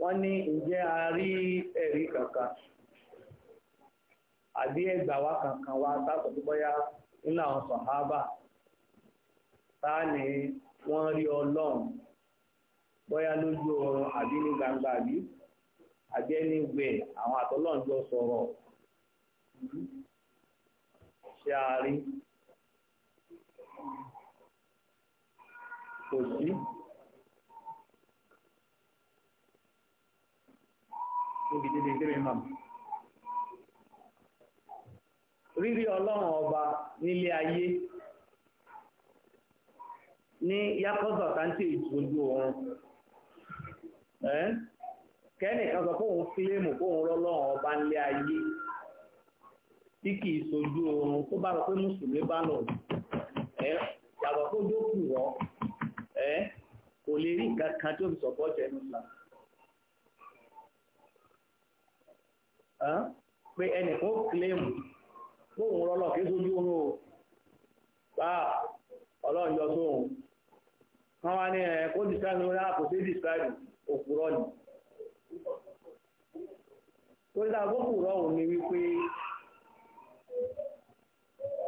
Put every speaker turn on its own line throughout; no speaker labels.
wọ́n ní ǹjẹ́ a rí ẹ̀rí kankan àbí ẹgbà wá kankan wa sáàtọ̀ tó bọ́yá nínú àwọn sọ̀hábà táà ní wọ́n rí ọlọ́run bọ́yá lójú ọrùn àbí ní gbangba àbí àbí ẹni gbẹ̀ àwọn àtọ́lọ́run jọ sọ̀rọ̀ ṣe a rí kò sí níbi dídí tẹ́mi mọ̀ riri ọlọ́run ọba nílé ayé ní yakọ́sọ̀ táǹtì ìtòjú ọ̀run kẹ́nìkan sọ fóun fóun rọ́lọ́run ọba nílé ayé tí kì í sojú oorun tó bá rọ pé mùsùlùmí bá lọ yàtọ̀ ẹ́ kò lè rí nǹkan kan tí fi sọ̀pọ̀tì ẹnu islam pé ẹnì kan ó kílèmù bóun rọlọ́ kí sójú oorun o bá ọlọ́run yọ sóhun wọ́n wá ní ẹ̀ kó describe ní ọ̀rá kò sí describe òpùrọ̀ ni torí dáa gbọ́kùrọ̀ òun ni wípé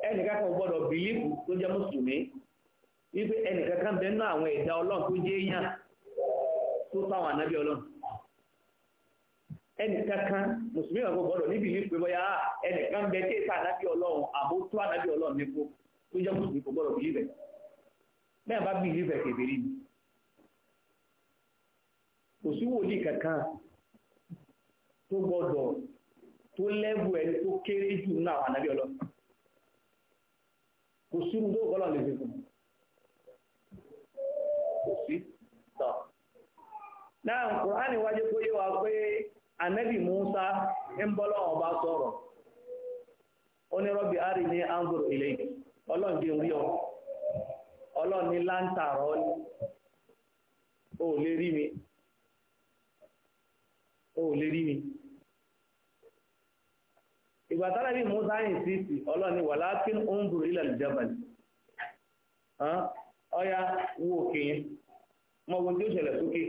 ẹnì kan gbọ́dọ̀ bìlífù tó jẹ́ mùsùlùmí wípé eni bẹ nínú àwọn ẹ̀dá ọlọ́run tó jẹ́ èèyàn tó táwọn ànábì ọlọ́run ẹnìkankan mùsùlùmí ọ̀gbọ́n gbọ́dọ̀ níbi ìlú pé bóyá ah, ẹnìkan bẹ tí ha eni ọlọ́run àbó tó anabi ọlọ́run nípo tó jẹ́ mùsùlùmí kò gbọ́dọ̀ bìlíbẹ̀ bẹ́ẹ̀ bá bìlíbẹ̀ kèbèrè ni kò sí wòlíì kankan tó gbọ́dọ̀ tó lẹ́bù ẹni tó kéré jù nínú àwọn ọlọ́run kò sí náà kùránì wájú kó yé wa pé anabi musa ń bọ́ lọ́wọ́ ọba sọ̀rọ̀ ó ní rọ́bì ari ní angoro ilé ọlọ́run dé orí ọ ọlọ́run ní láǹtàrọ́ ó lè rí mi ó lè rí mi ìgbà tára bí musa yìí sí sí ọlọ́run ní wàlá kí ń ń bùrù ilẹ̀ òkè yẹn mọ̀ wo tí ó ṣẹlẹ̀ sókè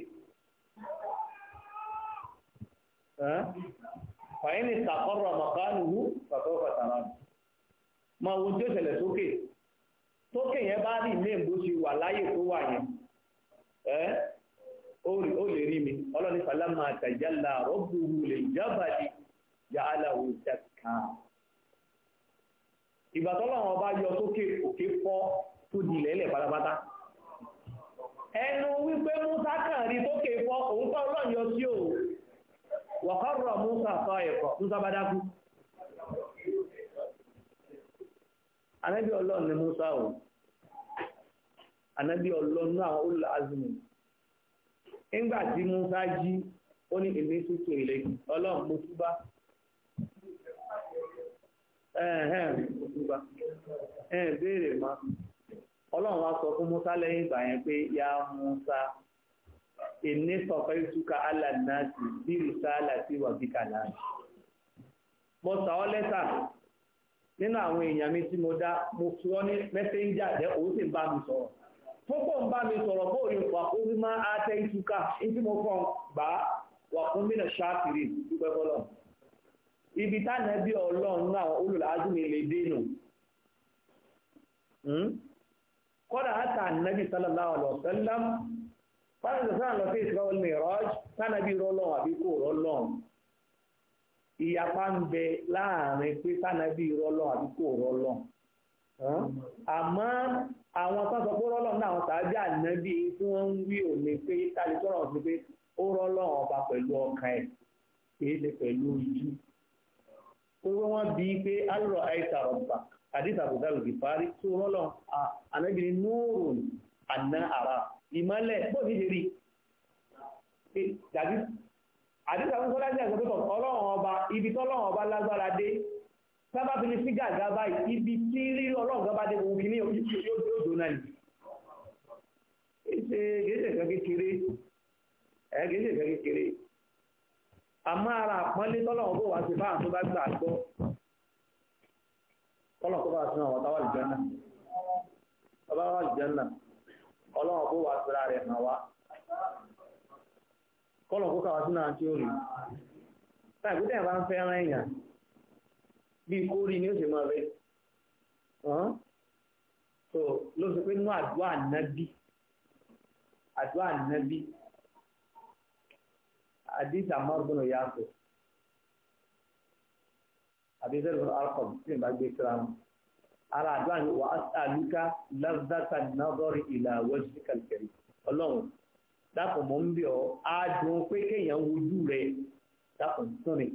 fàyínì sàkọ́rọ̀ àmàkánùú pàtó pàtàrà máa wo tí ó ṣẹlẹ̀ sókè sókè yẹn bá rí ilé ìbò ṣe wà láyè tó wà yẹn ó lè rí mi ọlọ́ni fàlámà àtàjálà rọ́bùrù lè jábàdì yàhálà òṣàkà ìgbà tọ́lọ́run ọba yọ sókè òkè fọ́ tó di ilẹ̀ ilẹ̀ pátápátá ẹnu wípé musa kàn rí sókè fọ́ òun kọ́ ọlọ́run yọ sí òun
wakọrọ Musa sọ ẹ̀kọ́ Musa bá dákú
anábí ni Musa o anábí ọlọ́run náà ulul azmi nígbà tí Musa jí ó ní èmi tútù ilẹ̀ ọlọ́run mo túbá Musa lẹ́yìn ya Musa inni sọ̀fẹ́tùkà alànàásì bí rùsálà sí wàbíkà náà mo sọ ọ́ lẹ́tà nínú àwọn èèyàn mi tí mo dá mo fi ọ́ ní mẹ́sẹ́ńjà jẹ́ òun sì ń bá mi sọ̀rọ̀ púpọ̀ ń bá mi sọ̀rọ̀ bó ní wàkúrí a átẹ́ ìtúkà tí mo fọ́n gbà wàkún mínà ṣáàkiri dúpẹ́ fọ́lọ̀ ibi tánà bí ọlọ́run náà olùlàájú mi lè dénú hmm? kọ́dà átà nàbì sallallahu alaihi wasallam báyìí sọ sáà lọ sí ìsirọ́ mìíràn sánàbí rọlọ́n àbí kò rọlọ́n ìyapa ń bẹ láàrin pé sánàbí rọlọ́n àbí kò rọlọ́n àmọ́ àwọn tó sọ pé rọlọ́n náà àwọn tàbí ànábì tí wọ́n ń wí òní pé tàbí tọ́rọ̀ sí pé ó rọlọ́n ọba pẹ̀lú ọkàn ẹ̀ kìí ṣe pẹ̀lú ojú pé wọ́n bí i pé alọ́ àìsàn ọ̀bà àdìsàbùdàlù ìparí tó rọlọ́n ànábì ní nóòrùn àná àrà ìmọ́lẹ̀ bó ti ṣe rí dàbí àdìsá fún sọ́lájà ìsọ pẹ́tọ̀ ọlọ́run ọba ibi tọ́lọ́run ọba lágbára dé sábà fi ní sí gàgá báyìí ibi tí rírí ọlọ́run gàgá dé gbogbo kìíní yóò dò náà yìí ṣe gẹ́gẹ́ kan kékeré ẹ̀ gẹ́gẹ́ kan kékeré àmọ́ ara àpọ́nlé tọ́lọ́run bó wá sí fáwọn tó bá gbà gbọ́ tọ́lọ́run tó bá sí àwọn táwọn àlùjànnà ọlọ́run kó wà síra rẹ̀ hàn wá kọ́lọ̀ kó kàwá sínú àti orí tàbí tẹ̀ bá ń fẹ́ èèyàn bíi kó rí ni ó sì rẹ̀ so ló sọ pé nínú àdúrà nábì àdúrà nábì àdìsí àmọ́gbọ́n yàtọ̀ àbí sẹ́dùn alcohol tí ìbá gbé ara àdúrà ni wà á sàlùkà lásìdáta ìlà wẹ́jú kàlùkẹ́rì ọlọ́run mọ́ ọ adùn pé kéèyàn wojú rẹ dákun tún ni.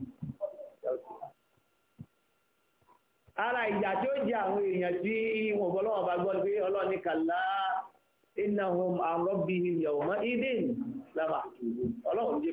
ara ìjà tí ó jẹ àwọn èèyàn tí wọn bọ́ lọ́wọ́ bá gbọ́ pé ọlọ́run ní kàlá lábà jẹ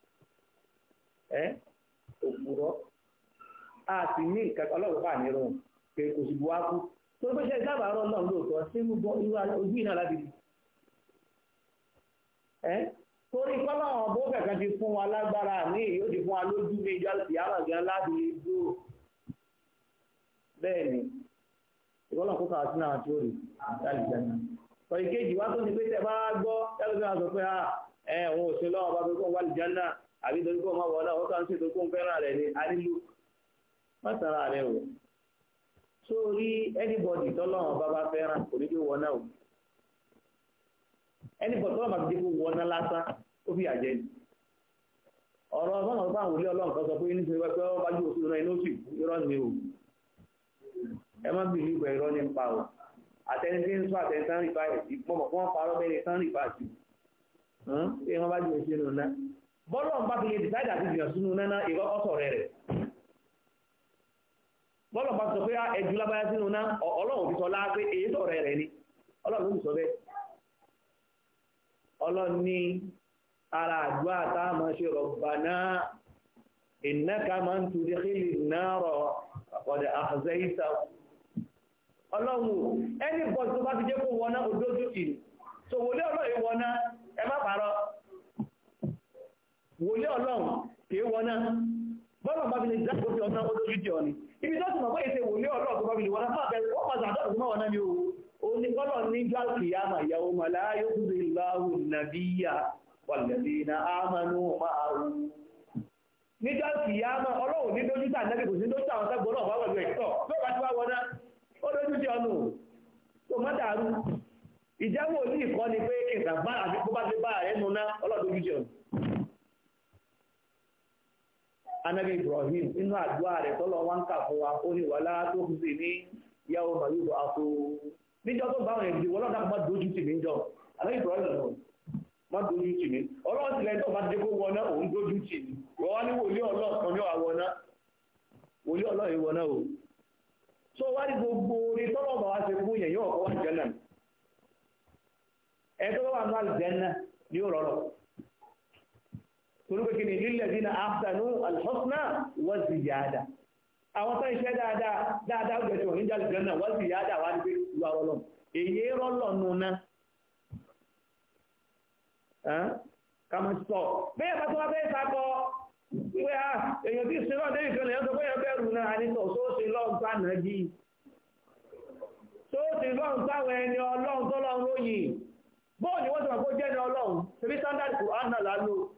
ẹ́ òpùrọ́ a sì ní nǹkan ọlọ́run pà ní rọrùn pé kò sì buwá kú tó ṣe rọ náà lóòótọ́ ojú iná láti di torí fún wa lágbára ní fún wa lójú ní ìjọ sí àwàgán láti dúró bẹ́ẹ̀ ni kó sínú àwọn tí ó rí láti jẹ́ náà sọ wá tó ní pé tẹ bá gbọ́ tẹ́lẹ̀ tó sọ pé ah, ẹ̀ òun àbí torí kó má wọlé ọkọ̀ ń ṣètò kó ń fẹ́ràn rẹ̀ ní arílù má sara rẹ̀ o sórí anybody tọ́lọ́run bá bá fẹ́ràn kò ní kí wọ́n náà o anybody tọ́lọ́run bá fi dé kó wọ́n náà lásán ó fi àjẹ́ ni ọ̀rọ̀ ọlọ́run bá wòlé ọlọ́run kan sọ pé ní ìṣẹ́wẹ́ pé wọ́n bá jù òṣèlú náà inú sì irọ́ ni o ẹ má bì ní ìgbà irọ́ ní pa o àtẹni ń sọ àtẹni tán rí báyìí mọ̀mọ̀ fún wọn bọ́lọ̀ ń bá fi lè dìsáìdà àti ìjìyàn sínú náà ìrọ́ ọ̀sọ̀ rẹ̀ rẹ̀ bọ́lọ̀ bá sọ pé ah, ẹjú lábáyá sínú náà ọlọ́run fi sọ láá èyí sọ rẹ̀ rẹ̀ ni ọlọ́run sọ bẹ́ẹ̀ ọlọ́run ara máa ṣe Rabbana innaka náà tudkhilin nar faqad akhzaytahu ọlọ́run ẹni bọ́ tó bá ti jẹ́ ìlú ọlọ́run wòlé ọlọ́run kìí wọná bọ́lọ̀ bá fi lè jáde òfin ọ̀nà olójú jẹ́ ọ̀ni ibi tó túnmọ̀ bóyí ṣe wòlé ọlọ́run tó bá fi lè wọná fún àbẹ̀rẹ̀ wọ́n àdọ́rùn mọ́ wọná o ó ní bọ́lọ̀ ní yàmà ìyàwó nàbíyà na ámánú máa rú ní jáàkì yàmà ọlọ́run ní dójú tà nẹ́bí kò sí dójú àwọn sẹ́gbọ́n náà anabi ibrahim inú àdúrà rẹ̀ tọ́lọ wọn kà fún wa ó ní wàlá tó kù sí ní yàwó màlúù àpò níjọ tó bá àwọn èdè wọn lọ́dà má dojú tì mí jọ anabi ibrahim lọ má dojú tì mí ọlọ́run tilẹ̀ tó bá dé kó wọ náà òun dojú tì mí wọ́n wá ní wòlíì o tó wá gbogbo tọ́lọ̀ torípé kí ni lilladhina ahsanu al-husna wa ziyada àwọn tó ń ṣe dáadáa dáadáa ó jẹ́sí òní jáde jẹ́nà wa ziyada wá níbi ìwà ọlọ́ èyí rọ́lọ̀ nùnà kàmú sọ bẹ́ẹ̀ bá tó wá bẹ́ẹ̀ sakọ pé a ah, èèyàn tí sinú ọdẹ ìkan lèèyàn tó bẹ́ẹ̀ bẹ́ẹ̀ rù náà ní sọ sóòsì lọ́ọ̀gbà náà jì sóòsì lọ́ọ̀gbà àwọn ẹni ọlọ́run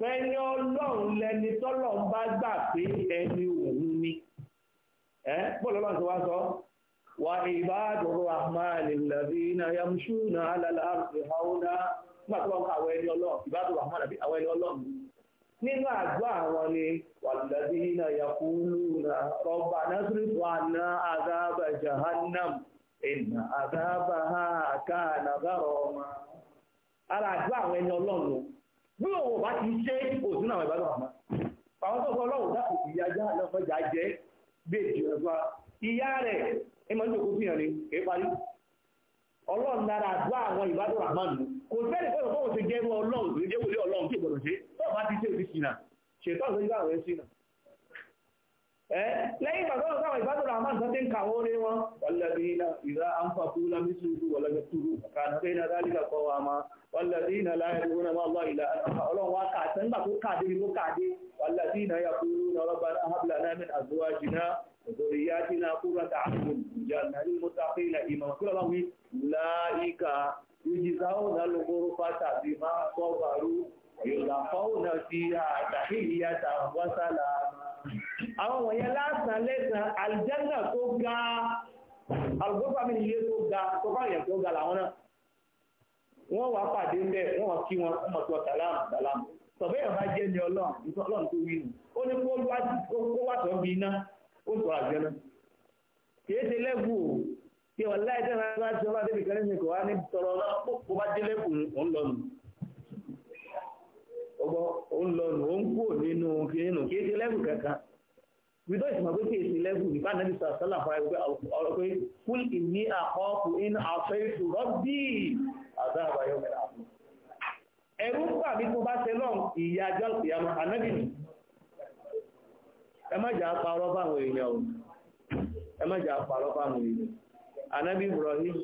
pẹ́ni ọlọ́run lẹni tọ́lọ̀ ń bá gbà pé ẹni òun ni ẹ́ bọ́ọ̀lọ́ lọ́nà tó wá sọ wà ìbáàdùn rahman alladhina yamshuna ala al-ardi hauna nígbà tó bá ń kọ àwọn ẹni ọlọ́run ìbáàdùn rahman àbí àwọn ẹni ọlọ́run nínú àgbọ́ àwọn ni walladhina yaquluna rabbana sirif anna adhaba jahannam inna adhabaha kana gharama ara àgbọ́ àwọn ẹni ọlọ́run bí òun bá ti ṣe òsún àwọn ìbálò àmà àwọn tó sọ ọlọ́run dákò ìyá ajá lọ́fọ́jà jẹ́ bèèjì ọgbà ìyá rẹ̀ ẹmọ́jú òkú fihàn ní èé parí ọlọ́run dára àdúrà àwọn ìbálò àmà nù kò sẹ́ni pé òun ti ọlọ́run tó jẹ́ wòlé ọlọ́run tó gbọdọ̀ ṣe bá ti ṣe ṣètọ́ Eh, lẹ́yìn ìgbà tó ń sáwọn ìbádọ́rọ̀ àmà nǹkan tí ń kà wọ́n rí wọn wàlàdínà ìdá àǹfààkú lámísùrù wàlàdínà kànáfẹ́nà dálíkà kọ́ wa ma wàlàdínà láyẹ̀dúnà wa máa kọ́ bàrú ìlà àwọn wọ̀nyẹn lásán lẹ́sàn àlìjẹ́nà tó ga àlùgbọ́fà mi nílé tó ga tó bá yẹn tó ga làwọn náà wọ́n wá pàdé ń bẹ̀ wọ́n wá kí wọn wọ́n mọ̀ tó sàlámù sàlámù sọ̀bẹ́yàn bá jẹ́ ní ọlọ́run ìtọ́lọ́run tó wí nù ó ní kó wà tó bí iná ó sọ àjẹ́ náà kìí ṣe lẹ́bù o kí wọ́n láì tẹ́ wọn bá ṣe ọba débi kan nínú ìkọ̀wá ní tọrọ náà kó bá dé lẹ́bù òun lọ nù ọgbọ́n òun lọ nù ó ń kúrò nínú kìí nù kìí ṣe lẹ́bù kankan wíjọ́ ìsìnkú pé kí èsì lẹ́gùn nípa nàbí sàlá fara ẹgbẹ́ ọ̀rọ̀ pé kúl ìní àkọ́kù in àfẹ́sù rọ́bì àdáàbáyọ́ mẹ́ta ẹ̀rú pà bí mo bá ṣe lọ́n ìyá ajọ́ ìyàmọ̀ ànábì ni ẹ má jà parọ́ fáwọn èèyàn o ẹ má jà parọ́ fáwọn èèyàn ànábì Ibrahim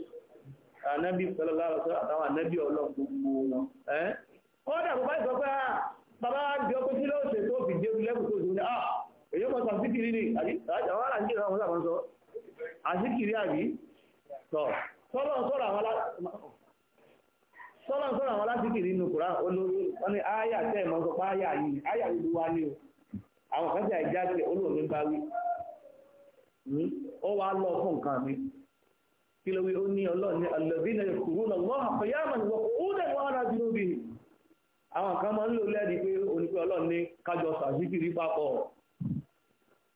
ànábì sallallahu alaihi wasallam àtàwọn ànábì Ọlọ́run gbogbo wọn ẹ́ kọ́dà bó bá ìsọ pé ah, bàbá bí ọkọ̀ sí lọ́ọ̀ṣẹ̀ tó fi dé lẹ́kùn tó dùn èyí mọ̀ sàzíkìrí ni àwọn aláǹkì ìrànwọ́ sàmọ́ sọ àzíkìrí àbí tọ̀ sọ́lọ́ sọ́rọ̀ àwọn alásìkìrí nínú kùrá olóòrùn wọn ni ááyà tẹ́ mọ́ sọ pé ááyà yìí ááyà yìí wá ní o àwọn kan tí àìjá sí olóòrùn bá wí hmm? ó wá lọ fún nǹkan mi kí ló wí ó ní ọlọ́run ní alladhina yadhkuruna Allaha qiyaman wa qu'udan wa 'ala junubihim àwọn kan máa ń lò lẹ́rìí pé onípe ọlọ́run ní kájọ sàzíkìrí papọ̀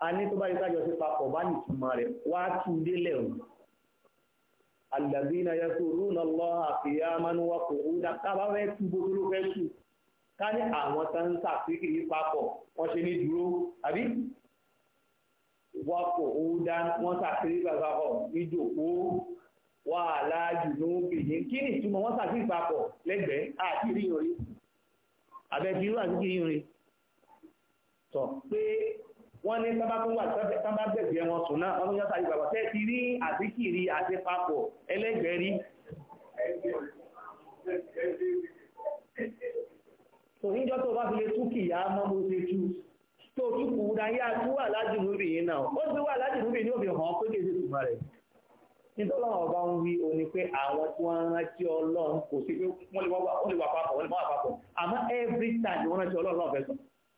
a ní tó bá yí sájọ sí papọ̀ bá nìtumọ̀ rẹ̀ wá tú délẹ̀ o alladhina yadhkuruna Allaha qiyaman wa qu'udan tábà fẹ́ tú gbogbo ló fẹ́ tú ká ní àwọn tá ń sàkíkiri papọ̀ wọ́n ṣe ní dúró àbí wa qu'udan wọ́n sàkíkiri papọ̀ níjòkó wà láàjù ló ń pè yín kí ni ìtumọ̀ wọ́n sàkíkiri papọ̀ lẹ́gbẹ̀ẹ́ àti rí àbẹ̀bí irú àti rí sọ pé wọ́n ní sábà wọn sùn náà wọ́n yọ́ta ìgbàgbà tẹ́ ti rí àtíkìrí àti papọ̀ ẹlẹ́gbẹ̀ẹ́ tò níjọ́ tó bá fi lè túkì yá mọ́ bó tó túkù dáyé wà láti múbì yìí náà ó ti wà láti múbì ní òfin hàn pé kéde tùmọ̀ rẹ̀ nítorí ọba ń wí o ní pé àwọn tí wọ́n rántí ọlọ́run kò sí pé wọ́n lè wà papọ̀ àmọ́ every time wọ́n rántí ọlọ́run náà fẹ́ sọ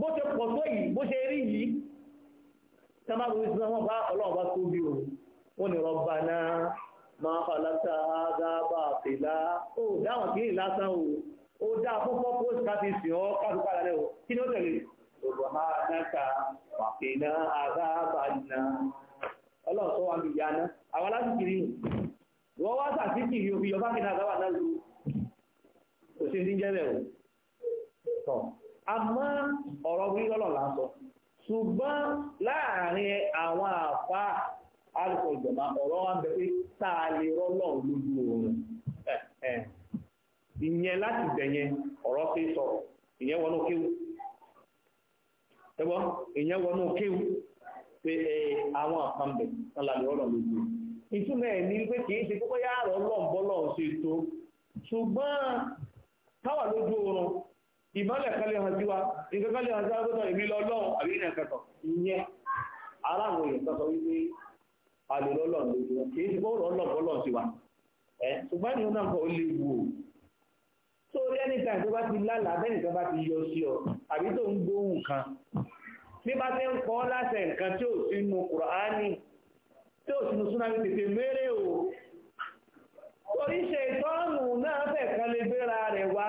bó ṣe pọ̀ tó yìí bó ṣe rí yìí tẹ́máàrù ìsìn náà wọ́n bá ọlọ́run bá tó bí o wọ́n ní rọ́bà náà máa fàlásà ágábà pèlá ó dáwọn kìí lásán o ó dá púpọ̀ post káfí sí ọ káfí padà lẹ́ o kí ni ó tẹ̀lé olùhánàkà pàpèlá ágábà nà ọlọ́run tó wà ní ìyá náà àwọn aláṣìkiri wọ́n wá sàṣìkiri òfin yọba kìnnà ágábà náà lò kò sí ní jẹ́ o àmọ́ ọ̀rọ̀ rírọ́lọ̀ lásọ ṣùgbọ́n láàrin àwọn ìjọba ọ̀rọ̀ wa ń bẹ pé tá a lè rọ́lọ̀ lójú oorun ìyẹn láti bẹ̀yẹn ọ̀rọ̀ ṣe afọ ìyẹn wọnú kéwù ìyẹn wọnú kéwù pé àwọn ń bẹ tá a lè rọ́lọ̀ lójú oorun ìtumọ̀ ẹ̀ ní pé kìí ṣe kókó ṣe tó ṣùgbọ́n táwà ìmọ́lẹ̀ kẹlẹ̀ hàn sí wa nǹkan kẹlẹ̀ hàn sí agbọ́tọ̀ èmi lọ́lọ́run àbí ìrìn ẹ̀kẹ́tọ̀ ìyẹn aláwọ̀ èèyàn tó sọ wípé alè lọ́lọ́run lójú wọn kì í ti gbọ́rọ̀ ọlọ́bọ́lọ́ sí wa ẹ̀ ṣùgbọ́n ní ọ̀nà kan ó lè wù ó tó rí anytime tó bá ti lálà abẹ́nìkan bá ti yọ sí ọ àbí tó ń gbóhùn kan bí bá ti ń kọ́ láṣẹ nǹkan tí ò sínú Kùránì tí ò ṣe ìtọ́nù náà fẹ̀ kan lè gbéra rẹ̀ wá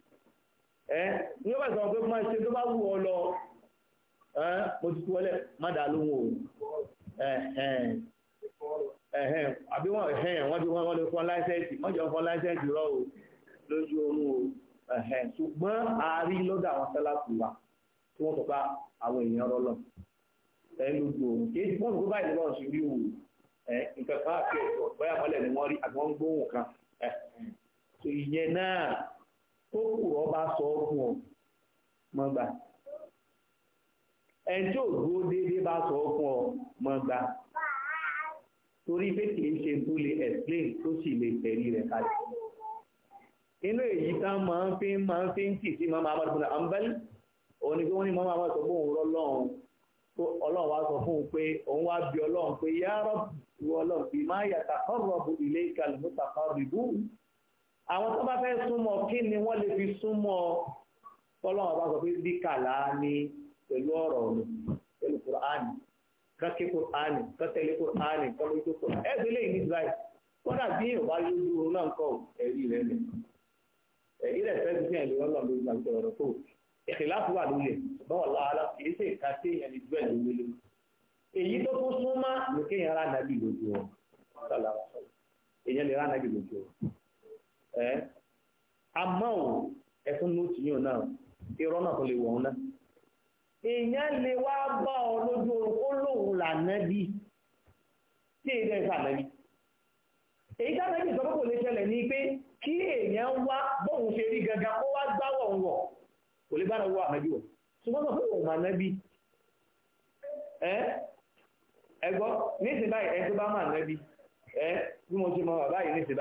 ní ọba ìsọ̀rọ̀ pé máa ṣe tó bá wù ọ lọ mo ti tú ọlẹ̀ má dà lóhùn o àbí wọ́n wọ́n ti lè fọ́n láìsẹ́ẹ̀tì wọ́n jọ fọ́n láìsẹ́ẹ̀tì rọ o lójú oorun o ṣùgbọ́n àárí lọ́dọ̀ àwọn wa tí wọ́n sọ pé àwọn èèyàn lójú oorun kì í ti báyìí o nǹkan kan àti ẹ̀sọ́ mọ́lẹ̀ ni wọ́n tó kù ọba sọ fún ọ mọ́ gbà ẹni tí ò dúró déédéé bá sọ fún ọ mọ́ torí pé kì í ṣe tó lè explain tó sì lè tẹ̀lé rẹ̀ kalẹ̀ inú èyí tán máa ń fi máa ń fi ń kì sí mọ́mọ́ amọ́dúnrún àmbẹ́lì òun ni pé wọ́n ní mọ́mọ́ amọ́ sọ fún òun rọ́lọ́run ọlọ́run wá sọ fún pé òun wá bí ọlọ́run pé yá rọ́bù ọlọ́run bí máa yàtà kọ́rọ̀bù ilé ìkàlùmọ́tà kọ́rọ̀bù àwọn tó bá fẹ́ súnmọ́ kí ni wọ́n lè fi súnmọ́ tọ́lọ́wọ́n bá sọ pé bí kàlá ní pẹ̀lú ọ̀rọ̀ ọ̀nà pẹ̀lú kùránì kọ́kí kùránì kọ́tẹ̀lé kùránì kọ́lójú kùránì ẹ̀sìn lè ní ìgbàyì kọ́dà bí yóò bá lójú oorun náà kọ́ ẹ̀rí rẹ̀ lẹ̀ ẹ̀rí rẹ̀ fẹ́ fi hàn lórí ọlọ́run lórí àgbẹ̀ ọ̀rọ̀ tó ìkìláàfù wà lórí ẹ̀ báwọn lára kì í ṣe ìka sí ẹni ju ẹ̀ èyí tó tún súnmọ́ lókè yẹn rà nàbì lójú ọ ẹ́ àmọ́ ò ẹ̀fún nóòtù yóò náà irọ́ náà tó lè wọ̀n náà èèyàn lè wá bá ọ lójú oorun ó lànà bí tí èyí dẹ́sà lẹ́yìn èyí tá lẹ́yìn kí èèyàn wá bóun ṣe rí gangan ó wá wọ̀ kò lè wọ àmẹ́bí wọ̀ ṣùgbọ́n ẹgbọ́ báyìí ẹ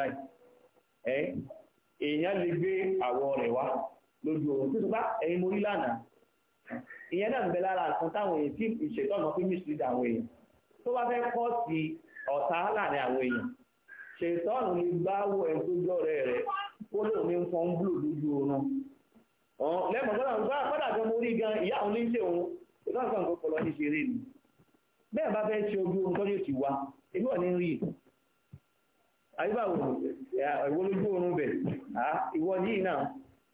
èèyàn lè gbé àwọ̀ rẹ̀ wá lójú oòrùn títí bá ẹ̀yin mo rí lánàá ìyẹn náà ń bẹ lára nǹkan táwọn èèyàn tí ìṣètò ọ̀nà fi mísìlì àwọn èèyàn tó bá fẹ́ kọ́ sí ọ̀tá láàrin àwọn èèyàn ṣètò ọ̀nà lè gbá wọ ẹni tó jọ rẹ̀ rẹ̀ kó lóun ní nǹkan ń bùlù lójú oòrùn lẹ́mọ̀ gbọ́dọ̀ ń gbá padà gan mo rí gan ìyá òun ní ṣe òun ìgbà kan kò pọ̀ lọ ní ni bẹ́ẹ̀ bá fẹ́ ṣe ojú oorun tọ́jú ti wa èmi ò ní rí àbíbáwò ìwọ lójú oorun bẹ̀ ìwọ yìí náà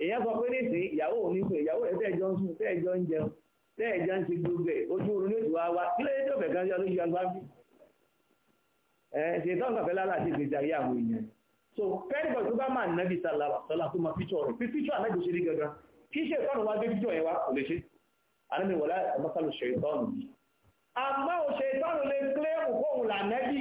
èèyàn sọ pé nìsín ìyàwó òní sùn ìyàwó rẹ̀ tẹ́ẹ̀jọ ń sùn tẹ́ẹ̀jọ ń jẹun tẹ́ẹ̀jọ ń ṣe gbogbo ẹ̀ ojú oorun ní ìtura wa kí lóye tó fẹ̀ kan sí ọlójú agbábí ṣe tán kàfẹ́ lára àti ìgbésí ayé àwọn èèyàn so kẹ́rìbọ̀ tó bá máa nàbì sàlà sọ́là tó máa fíjọ rẹ̀ fi fíjọ ànágbè ṣe rí gangan kí ṣe ìtọ́nù wá gbé fíjọ yẹn wá kò lè ṣe ànábì wọlé àmọ́sálù ṣe ìtọ́nù àmọ́ òṣè ìtọ́nù lè kílẹ̀ òkú òun là nẹ́bì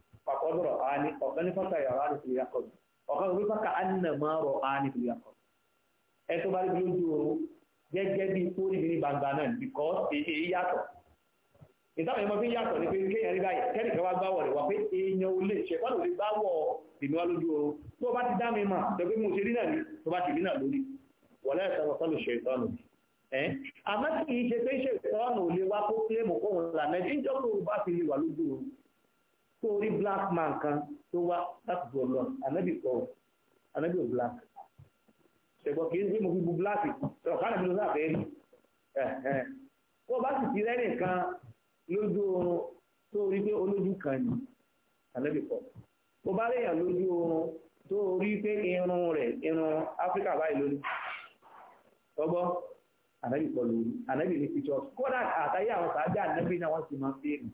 فقد رآني وقال فك يراني في اليقظة وقال فك أنما رآني في اليقظة ẹ̀tọ́ bá rí lójú oorun gẹ́gẹ́ bí tó ní ní gbangba náà because èyí yàtọ̀ ìtàwọn ẹ̀mọ́ fi yàtọ̀ ní pé kéèyàn rí báyìí kẹ́rì kan wá gbáwọ̀ rẹ̀ wá pé èèyàn ò lè ṣe wọ́n lè gbáwọ̀ tèmi wá lójú oorun tó bá ti dá mi mà tó pé mo ṣe rí náà ní tó bá ti rí náà lórí wọ̀lẹ́ ìtàwọn sọ́lù ṣe ìtọ́nù àmọ́ kì í ṣe pé ṣe ìtọ́nù lè wá kó kílẹ̀mù kóhun làmẹ́jì ń jọ́ pé o bá fi wà lójú oorun tó rí black man kan tó wá láti bọ̀ lọ ànábì kọ ànábì ò black ṣùgbọ́n kì í ṣe mo fi bu black sọ̀rọ̀ ká nàbí ló sáfẹ́ rí kó o bá sì ti rẹ́rìn kan lójú oorun tó rí pé olójú kan ni ànábì kọ kó o bá rèèyàn lójú oorun tó rí pé irun rẹ̀ irun áfíríkà báyìí lónìí ọgbọ́n ànábì kọ lórí ànábì ní pictures kódà àtàyé àwọn sàájà ànábì náà wọ́n sì máa ń fi èrè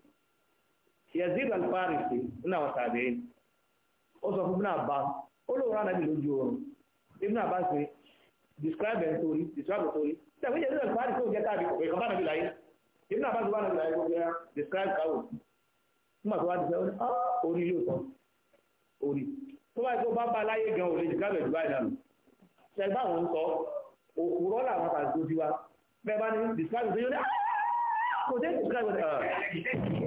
yazid alfarisi nínú àwọn tàbíyìn ó sọ fún ibn abbas ó lóun rán nàbí lójú oorun ibn abbas ni describe ẹ̀ nítorí describe nítorí tàbí yazid alfarisi ó jẹ́ tàbí ìkan bá nàbí láyé ibn abbas bá nàbí láyé gbogbo ẹ̀ describe káwò nígbà tó wá ti sẹ́wọ́n á ah, orí yóò sọ orí tó bá tó bá bá láyé gan òun lè jìkà bẹ̀ dubai dànù ṣẹgbà wọn sọ òkúrọ́ làwọn tàbí tó ti wá bẹ́ẹ̀ bá ní describe tó yóò ní ah, kò dé describe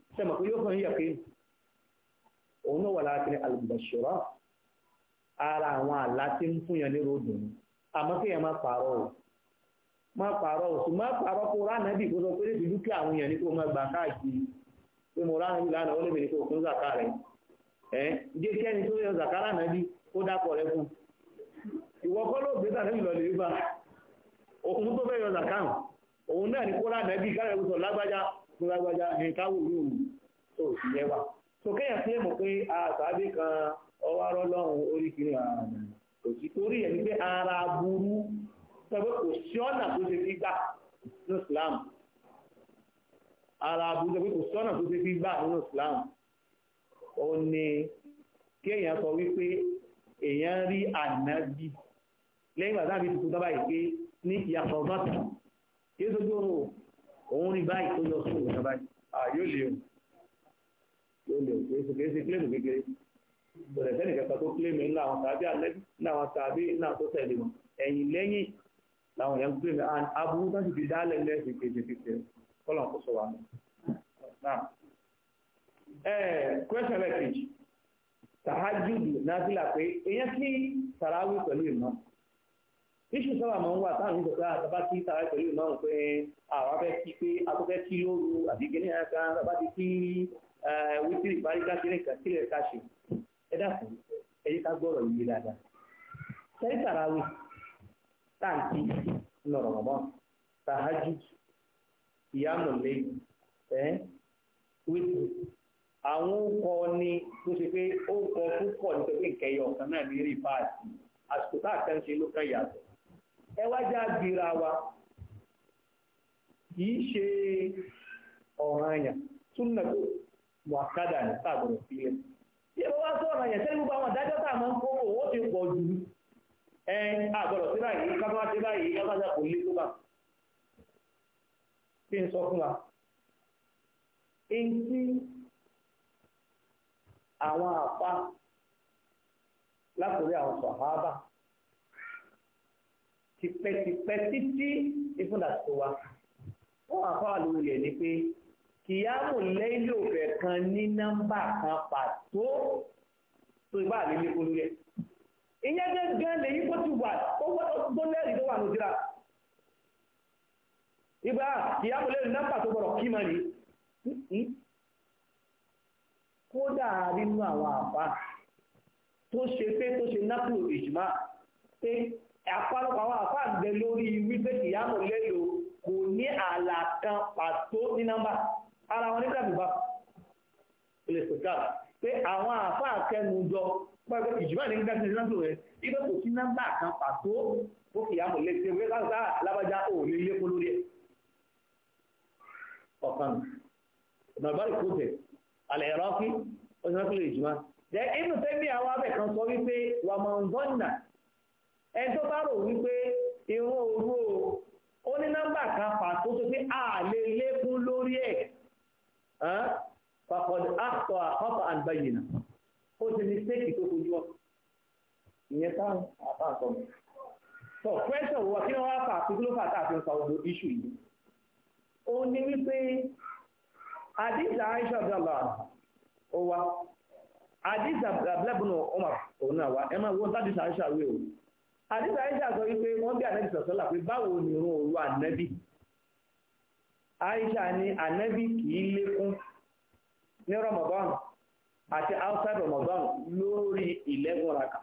sẹ́mọ̀ pé yóò fún yíyà pé òun náà wà láti ní alùbàṣọ́rọ̀ ara àwọn àlá tí ń fún yàn ní ròdùn àmọ́ kí yẹn má pààrọ̀ o má pààrọ̀ o sì má pààrọ̀ kó rá nàbì kó sọ pé lè dúdú kí àwọn èèyàn ní kó má gbà káàkiri pé mo rá nàbì lánàá ó lè bèrè kó fún zàkà rẹ̀ ẹ̀ jẹ́ kí ẹni tó yọ zàkà lánàbì kó dákọ̀ rẹ̀ fún ìwọ kọ́ ló gbé zàkà lọ lè bá òun tó fẹ́ yọ zàkà òun náà ní kó rá nàbì kárẹ̀ fún lágbájá ẹ̀káwò yóò tó sì lẹ́wà tó kéèyàn sí èmọ̀ pé àtàbí kan ọwá rọ́lọ́run oríkiri ààrùn kò sí torí ẹ̀ ní pé ara burú pẹ̀lú kò sí ọ̀nà tó ṣe fi gbà ní Islam ara burú pẹ̀lú kò sí ọ̀nà tó ṣe fi gbà ní Islam ó ní kéèyàn sọ wípé èèyàn rí ànábì lẹ́yìn ìgbà tábí tuntun dábàá yìí pé ní ìyàtọ̀ bàtà kí sojú oòrùn òun rí báyìí tó lọ sí òun náà báyìí yóò lè o yóò lè o kìí ṣe kìí ṣe kílèmù kékeré bọ̀dẹ̀ sẹ́nì kẹta tó kílèmù ńlá àwọn tàbí alẹ́bí ńlá àwọn tàbí ńlá tó tẹ̀lé wọn ẹ̀yìn lẹ́yìn làwọn and aburú náà sì fi dálẹ̀ lẹ́sìn kejì kejì kọ́lọ̀ kó sọ wà ní. kwẹ́sàn lẹ́kejì tàhájúdù náà fi pé èèyàn kí pẹ̀lú ìmọ̀ iṣu sábà máa ń wà táwọn ìjọ pé àtàbá ah, tí tààrà pẹ̀lú ìmáàmù pé ah, àwọn afẹ́ kí pé afẹ́fẹ́ kí lóru àbí gẹ́ni àyàká àbá ti kí wítìrì parí káṣílẹ̀ káṣílẹ̀ káṣí ẹ dàpọ̀ ẹ yí ká gbọ́rọ̀ yìí dáadáa. sẹ́rí tàràwì táǹtì nọ̀rọ̀ mọ́mọ́ tàhájú ìyámọ̀lé ẹ̀ wítìrì àwọn kọ ni tó ṣe pé ó kọ púpọ̀ nítorí ìkẹyọ̀ kan náà ní rí báàsì àsìkò táà kan ṣe ló kàn yàtọ̀ ẹwájá gbìra wa yi ṣe ọ̀ràn anya, túnà tó wàkádà ní tàbí ìpínlẹ̀ tí ọ̀ràn tẹ́lú gbogbo àwọn ìdájọ́ tá a máa ń kó owó ti pọ̀ jù ẹ àgbọ̀dọ̀ sí báyìí kápá sí báyìí kápá àpò ilé tó sọ fún wa àwọn àpá tipẹ́tipẹ́ títí ìfúnà tó wa wọ́n àfọ́ àlùwẹ̀ ni pé kìyàmù lẹ́yìn òfẹ́ kan ní nọ́mbà kan pàtó tó ipá àlélé olú rẹ̀ ìyẹn gẹ́gẹ́ lèyí kó ti wà ó gbọ́dọ̀ tó wà lójúra ìgbà kìyàmù lẹ́yìn nọ́mbà tó gbọ́dọ̀ kí mọ́ ni kódà nínú àwọn àbá tó ṣe pé tó ṣe nápò ìjùmá pé àpapọ̀ àwọn àpá àgbẹ̀ lórí wípé ìyáàmù lẹ́lò kò ní ààlà kan pàtó ní nọ́mbà ara wọn nígbà tó bá lè sọ̀tà pé àwọn àpá àkẹnujọ pẹ́pẹ́ ìjùmọ̀ ní gbẹ́sẹ̀ ní nọ́mbà rẹ̀ ibi kò sí nọ́mbà kan pàtó ó fi ìyáàmù lẹ́sẹ̀ wípé káàkiri alábàjá ò lè lékún lórí ẹ̀ ọ̀kan bàbá ìkútẹ̀ alẹ́ ẹ̀rọ kí ó ti rẹ́ ẹ tó bá rò wípé irun òru o ó ní nọ́mbà kan pàtó tó pé a lè lékún lórí ẹ̀ pàpọ̀dé àtọ̀ àkọ́tọ̀ àgbàyìnà ó ti ní séèkì tó fojú ọ ìyẹn táwọn àbáàtọ̀ mi tọ̀ fẹ́sọ̀ wọ kí wọ́n fà sí kí ló fà tá a fi ń fa odò iṣu yìí ó ní wípé àdìsá Aisha ọ̀dọ́là ó wá àdìsá abúlẹ́bùnú Umar òun náà wá ẹ máa wọ́n tàdìsá Aisha wí o. àdìsá Aisha sọ wípé wọ́n bí ànẹ́bì sọ̀sọ́là pé báwo ni irun òru anabi. Aisha ni ànẹ́bì kìí lékún ní Ramadan àti outside Ramadan lórí ìlẹ́gùn raka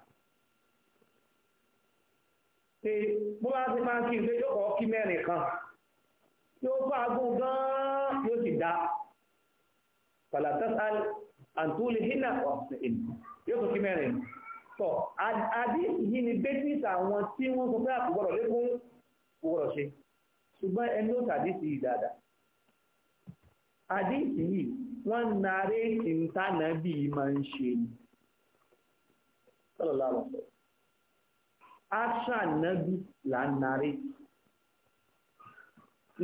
pé bó bá ti máa kí n pé yóò kọ́ kí mẹ́rin kan yóò bá agún gan-an yóò sì dá pàlàtàsán àtúlẹ̀ hínà ọ̀sìn yóò kí mẹ́rin tọ̀ àdí yìí ni bẹ́tìs àwọn tí wọ́n sọ pé àkùgbọ́dọ̀ lékún ṣe ṣùgbọ́n ẹni ó tàbí sí yìí wọ́n narí ìntànà bí i máa ń ṣe ni sọ́lọ́lá sọ tí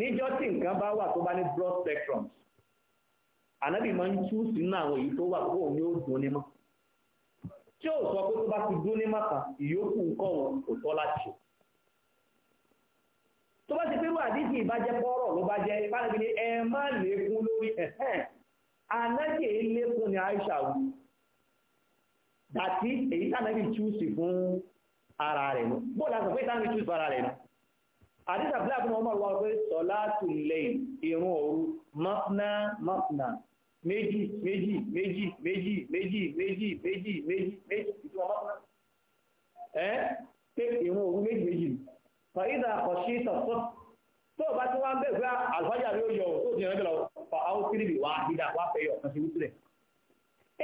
nǹkan bá wà tó bá ní broad spectrum ànábì máa ń àwọn èyí tó wà kó òun yóò tí o sọ pé tó bá ti dún ní màkà ìyókù kọ̀wọ̀n kò tọ́ láti tó bá ti pé wàdíjì ìbájẹ́ pọ́rọ̀ ló bá jẹ́ ni ẹ má lékún lórí Aisha wù èyí tánàbí ara rẹ̀ nù bó lásán pé tánàbí chúùsì fún ara rẹ̀ pé tùlẹ̀ méjì méjì méjì méjì méjì méjì méjì méjì méjì ìtumọ̀ bá ẹ́ pé ìwọ̀n òru méjì méjì ni fàyídà àkọ̀ṣí tọ̀tọ̀ tó bá tí wọ́n bẹ̀rẹ̀ àlùfájà rí ó tó ti rẹ̀ lọ fà á wá àdídà wá fẹ́ yọ kan sí wútúrẹ̀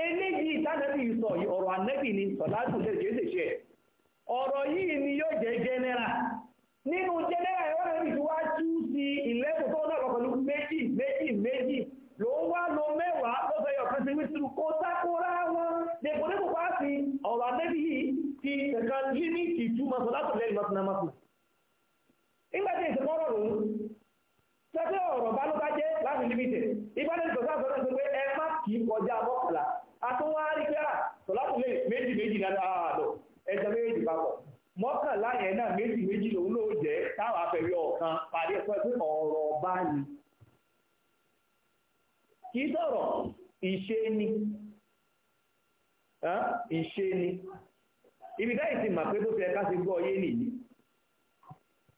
eléyìí tánẹ́bì sọ ọ̀rọ̀ ànẹ́bì ni sọ̀láàtù lè jẹ́ lè ṣe ọ̀rọ̀ yìí ni yóò jẹ́ jẹ́nẹ́ra nínú jẹ́nẹ́ra ẹ̀wọ́n náà ti wá tú sí ìlẹ́kùn tó náà lọ pẹ̀lú méjì méjì méjì mẹ́wàá lọ́fẹ́ ọ̀kan sí wítìrù kó tákórá wọn dẹ̀kọ́ dẹ́kọ́ pa sí ọ̀rọ̀ adẹ́bí yìí ti ẹ̀kan límìtì túmọ̀ sọ látọ̀ lẹ́yìn mọ́túnámọ́tù nígbà tí ìsìnkọ́ ọ̀rọ̀ rùn sẹ́fẹ́ ọ̀rọ̀ mọ́kànlá ah, ah, náà méjì méjì lòun ló jẹ́ táwọn afẹ́rí ọ̀kan kìí sọ̀rọ̀ ìṣe ni ìṣe ni ibi káyì ti mà pé bó ti ẹ̀ka ti gbọ́ ọyé nìyí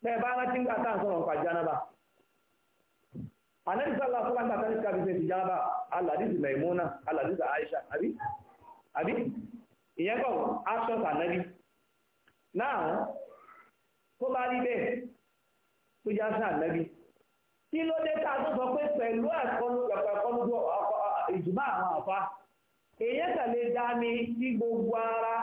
bẹ́ẹ̀ bá rántí ń gbà tá à ń sọ̀rọ̀ nípa jánábà ànábì sọ́lá sọ́lá ń gbà tánìkà fi ṣe ti jánábà alàdìsì mẹ̀múnà alàdìsì Àìṣà àbí àbí ìyẹn kọ̀ aṣọ sànábì náà tó bá rí bẹ́ẹ̀ tó já sí ànábì kí ló dé tá a tún sọ pé pẹ̀lú ẹ̀kọ́nú pẹ̀pẹ̀ ẹ̀kọ́nú ìjùmọ̀ àwọn àfa èyí tẹ̀lé dání sí gbogbo ara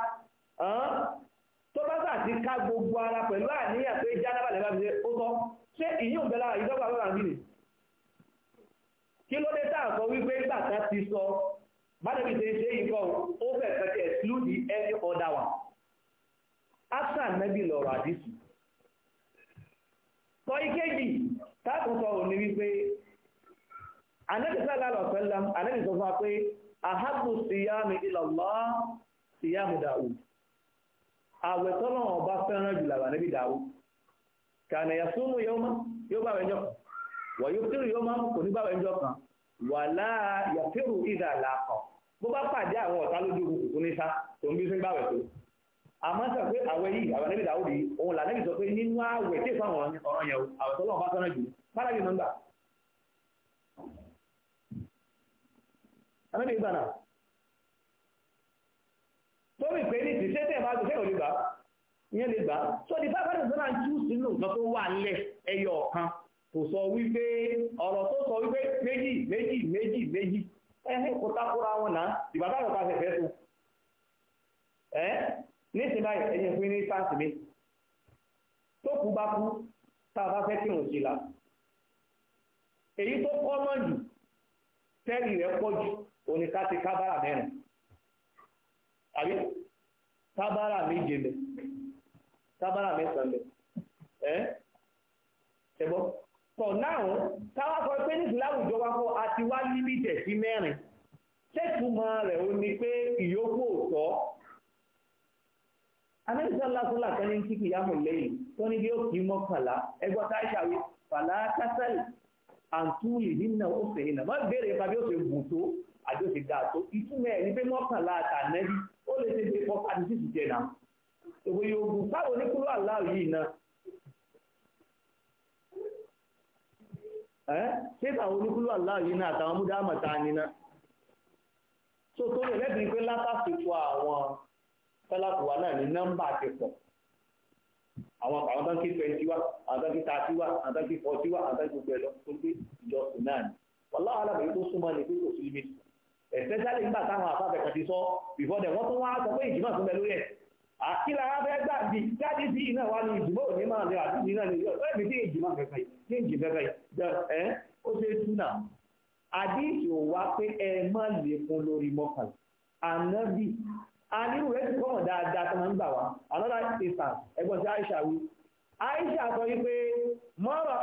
tó bá sà ti ká gbogbo ara pẹ̀lú àníyàn pé jánábà lè bá mi ṣe ó tọ́ ṣé ìyún bẹ́lá ìjọba bá mi nì kí ló dé tá a sọ wípé gbà tá ti sọ bádẹ́bí ṣe ṣe ìkọ́ ó fẹ́ fẹ́ exclude any other one after nabi lọ́rọ̀ àdìsí sọ ìkéjì táàkùn sọ òní wípé anẹ́bìsá lálọ́sẹ́lẹ́m anẹ́bìsọ fún wa pé ahabu siyami ilallah siyami Daud àwẹ̀ tọ́lọ̀ ọba fẹ́ràn jùlọ wà níbi Daud kànà yasumu yawma yóò bá wẹjọ wà yóò fẹ́rù yawma kò ní bá wẹjọ kan wà láà yàfẹ́rù ìdà làkọ̀ bó bá pàdé àwọn ọ̀tá lójú òkùnkùn ní sá tó ń bí sí gbàwẹ̀ tó àmọ́ sọ pé àwẹ̀ yìí àwẹ̀ lẹ́bí dàwó òun là sọ pé nínú àwẹ̀ tí fáwọn ọ̀rọ̀ yẹn àwẹ̀ bá jù sínú tó nísìn báyìí ẹ̀yìn fún ní sáǹsì mi tó kú bá kú tá a bá fẹ́ kírun sí la èyí tó kọ́ mọ́ jù tẹ́lì rẹ̀ pọ̀ jù òní ká ti kábàrà mẹ́rin àbí kábàrà méje mẹ́ kábàrà mẹ́sàn mẹ́ ẹ́ ṣẹ̀bọ́ for now táwa kọ pé ní ìsìláwùjọ wa kọ àti wá líbìtẹ̀ sí mẹ́rin ṣètùmọ̀ rẹ̀ ó ní pé ìyókù òótọ́ anáìsàlásọ́là kan ní kíkì yàmù lẹ́yìn tó ní bí ó kì í mọ́kànlá ẹgbọ́ tá ìṣàwé fàlákásẹ́lì àǹtúlì nínà ó fẹ́ iná má bèèrè ipa bí ó ṣe gùn tó àjọ ṣe dáa tó ìtumọ̀ ẹ̀ ní pé mọ́kànlá àtànẹ́bí ó lè ṣe ṣe fọ́fà ní sísù jẹ̀ náà òwe ogun báwo ní kúrò aláwọ̀ yìí náà ṣé táwọn oníkúrò aláwọ̀ yìí náà àtàwọn múdàmọ̀ta ni náà tó tó lè lẹ́bìí pé látàfikọ àwọn sálàkù wa náà ní nọ́mbà ti pọ̀ àwọn àwọn tó ń kí twenty wa àwọn tó ń kí thirty wa àwọn tó ń kí forty wa àwọn tó ń kí gbogbo ẹ lọ tó ń gbé ìjọsìn náà ni wàlá alábẹ̀yẹ tó súnmọ́ ni pé kò sí limit especially nígbà táwọn àfáàfẹ́ kan ti sọ before them wọ́n tún wá sọ pé ìjìmọ̀ tó ń lórí ẹ̀ àkílà abẹ́ gbà bí jáde sí iná wa ni ìjìmọ̀ òní máa lè àti iná ni ẹ̀mí tí ìjìmọ̀ fẹ́fẹ́ yìí tí ìjì fẹ́fẹ́ yìí ó ṣe tú náà àdéhùn wa pé ẹ má a nírú rẹ̀ ti kọ́mọ̀ dáadáa tó máa ń gbà wá another instance ẹgbọ́n tí Aisha wí Aisha sọ wípé mọ́rọ̀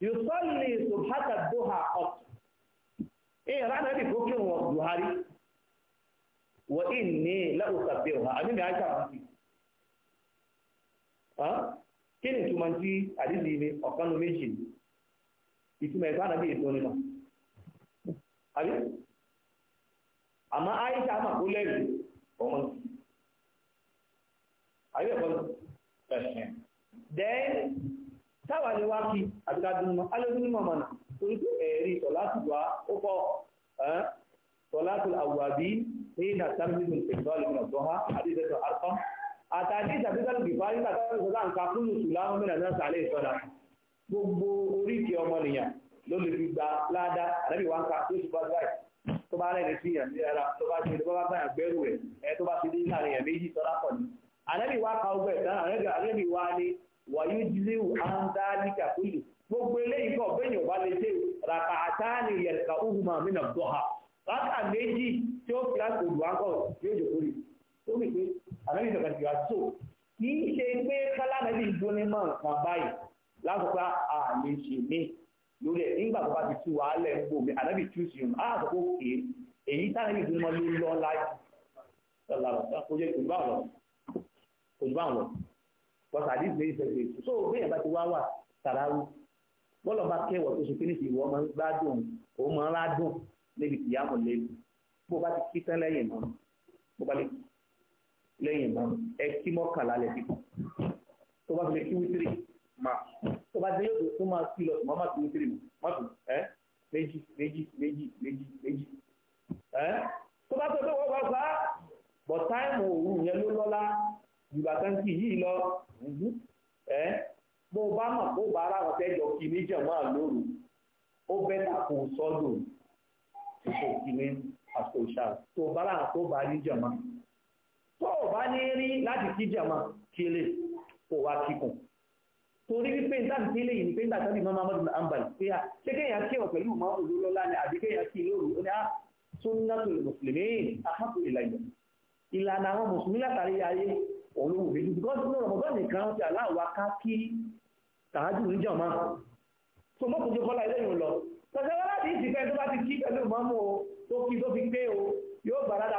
yusalli subhata ha ọ̀t ìyẹn rán náà kó kírun wọn buhari wa inni la'usabbihu ha àmì mi Aisha wọn sí kí ni ìtumọ̀ tí àdìsí ni ọ̀kanu méjì ìtumọ̀ ẹ̀ka àdàbí ètò nínú àbí àmọ́ àìsà mà kó lẹ́rù ọmọ ayé ẹ̀kọ́ ẹ̀sìn then táwa lè wá kí àbíkádùnmọ́ alóbìnrin mọ̀mọ́ náà torí pé ẹ̀rí sọ̀láṣù wa ó kọ́ sọ̀láṣù àwùwàbí ní nàìjíríà ìgbàlù ọ̀dọ́ha àdìsẹ́sọ̀ àrùkọ́ àtàdé ìṣàbíkálù gbìfárí látàrí ìṣọ́lá nǹkan fún mùsùlùmí mìíràn náà sàlẹ̀ ìṣọ́lá gbogbo oríkèé ọmọnìyàn ló lè fi gba ládàá àdábìwá ń ka tó ṣùgbọ́n báyìí bá rẹ̀rẹ̀ sí ìyàn ẹ̀ra tó bá ṣe ìdíbọ́ bá báyà gbẹ́rù rẹ̀ ẹ̀ tó bá ti dé láàrin ẹ̀ méjì tọ́lá pọ̀ ní. ànẹ́bì wá ka ọgbẹ́ ìtàn ànẹ́bì wá ní wàyú jílé àǹdá ní kàkúlù gbogbo eléyìí kọ̀ bẹ́yìn ọba lè ṣe ràkà àtàní yẹ̀ka uhuma mina dọ́ha rákà méjì tí ó fi láti òdù áńkọ̀ yóò jòkó rè ó rí pé ànẹ́bì ìjọba ti wá tó kì í báyìí lásìkò àlè ṣe lórí ẹ̀ nígbà tó bá ti tú wa lẹ̀ ń bò mí ànábì tú sí òun á sọ pé òkè èyí táwọn ìlú mọ́ ló lọ láì sọ̀rọ̀ kó jẹ́ ìgbà wọn kò jù bá wọn bọ́sà àdìsí méjì fẹ́ fèsì so bẹ́ẹ̀ bá ti wá wà tàràrù bọ́lọ̀ bá kẹwọ̀ tó ṣe fínísì ìwọ ọmọ gbádùn òun mọ̀ ńlá dùn níbi tìyà mọ̀ lẹ́nu bó bá ti kí tán lẹ́yìn mọ́ bó bá lè lẹ́yìn mọ́ ẹ kí mọ́kànlá lẹ́ tó bá fi lè kí wítírì máa tó bá délé tó tó máa kílọ̀ tó máa má tún tírì má tún ẹ́ méjì méjì méjì méjì méjì ẹ́ tó bá tó tó wọ́n bá sá bọ̀ táìmù òru yẹn ló lọ́lá ìgbà táǹkì yìí lọ ẹ́ bó o bá mọ̀ bó o bá ara wọn fẹ́ jọ kí níjà máa lóru ó bẹ́tà kó o sọ́dọ̀ kó o kí ní àpò ìṣà tó o bá ara wọn tó bá níjà máa tó o bá ní rí láti kíjà máa kí lè kó o kíkùn torí wípé ní táàbí sílé yìí pé ń dàgbà bí mama mọ́tò àǹbàlì pé à ṣé kéèyàn kí ọ̀ pẹ̀lú màmú òru lọ́la ni àbí kéèyàn kí lóru ó ní à ah, sunnatul muslimin àhàkù ìlànà ìlànà àwọn mùsùlùmí látàrí ayé òun ló wù mí jù bíkọ́sì ní Ramadan nìkan ti aláwa ká kí tàájú níjà máa tó mọ́tò tó kọ́lá ilé ìrùn lọ tọ́sẹ̀ wọn láti ìsìnkẹ́ tó bá ti kí pẹ̀lú màmú o tó kí tó fi pé o yóò gbàdádà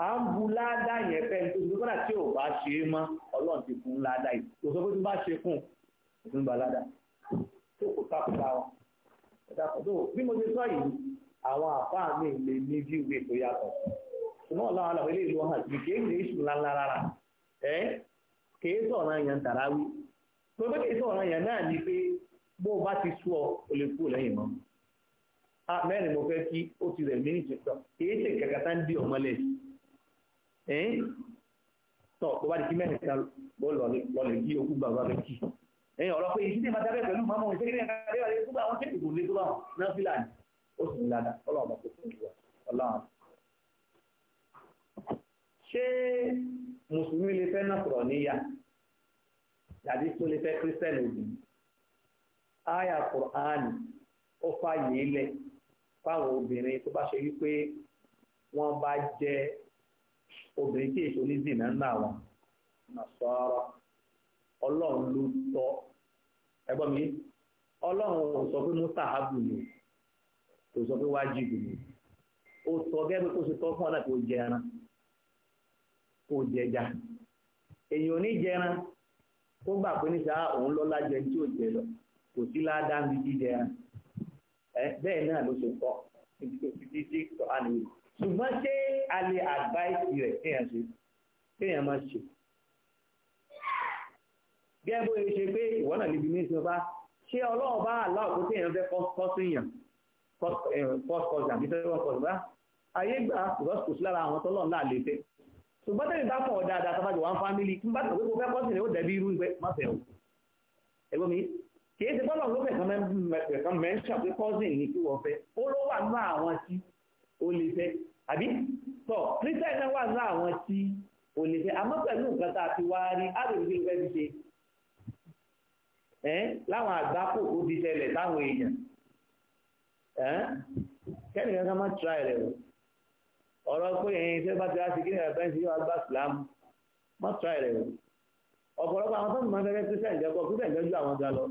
à ń bu ládá yẹn fẹ́ nítorí pé kọ́dà tí ò bá ṣe é mọ́ ọlọ́run ti fún ládá yìí kò sọ pé tí bá ṣe fún òfin gba ládá tó kò bí mo ṣe sọ yìí àwọn àfáà mi lè ní bí ìwé tó yàtọ̀ ṣùgbọ́n ọ̀làwọn hàn rárá ẹ yẹn yẹn náà ni pé bó bá ti sú ọ o lè kú lẹ́yìn mọ́ ah, mẹ́rin mo ẹ̀yìn tọ̀ tó bá di kí mẹ́rin ta lọlẹ̀ kí okú gbà bá fẹ́ kí ẹ̀yìn ọ̀rọ̀ pé ìṣídẹ̀ máa dábẹ́ pẹ̀lú mọ́mọ́ ìṣẹ́ kíní àkàrẹ́ àrẹ́ tó bá wọn tẹ́ ìbùn lé tó bá wọn náà fílà ní ó sì ń lada ọlọ́run bá tó fún ìwà ọlọ́run. ṣé mùsùlùmí lè fẹ́ nàkùrọ̀ níyà tàbí tó lè fẹ́ kírísítẹ́nì òbí kùránì ó fààyè lẹ̀ fáwọn obìnrin tó bá ṣe wípé wọ́n bá jẹ́ obìnrin tí èso ní zina ń náà wọn nàṣọ́rọ́ ọlọ́run ló mi ọlọ́run ò sọ pé mustahabu ni kò sọ pé wájìbù ni ó tọ gẹ́gẹ́ kó ṣe fún jẹ ẹran ní kó gbà pé níta òun tí ò jẹ lọ kò sí ládàá jíjẹ ẹran ṣùgbọ́n ṣé a lè advice rẹ̀ kéèyàn ṣe kéèyàn máa ṣe gẹ́gẹ́ bó ṣe pé ìwọ náà níbi ní ìsinmi ṣé ọlọ́run bá aláwọ̀ tó kéèyàn fẹ́ kọ́ sí èèyàn first cousin àbí second cousin bá ayé gbà because kò sí lára àwọn tọ́lọ́ náà lè fẹ́ ṣùgbọ́n tẹ́lẹ̀ bá pọ̀ dáadáa tó bá jọ wọn fámílì tí bá tẹ̀wé kó fẹ́ kọ́ ó dẹ̀bi irú ìgbẹ́ má fẹ́ o ẹgbẹ́ mi kìí ṣe bọ́lọ̀ ló fẹ̀kan mẹ́ńṣà pé cousin ni kí wọ́n fẹ́ ó ló wà nínú àwọn tí ó lè fẹ́ àbí tọ̀ christian náà wà ní àwọn tí ò lè fẹ́ àmọ́ pẹ̀lú nǹkan tá a ti wá rí àdòdì fẹ́ fi ṣe ẹ́ láwọn àgbákò ó ti ṣẹlẹ̀ táwọn èèyàn ẹ́ kẹ́ni kankan má tra rẹ̀ o ọ̀rọ̀ pé ẹ̀yin iṣẹ́ bá ti wá sí kí ni ẹ̀fẹ́ ń ṣe yóò gbà sílámù má tra rẹ̀ o ọ̀pọ̀lọpọ̀ àwọn tó ń máa fẹ́rẹ́ christian jẹ́kọ̀ christian jẹ́ ju àwọn ga lọ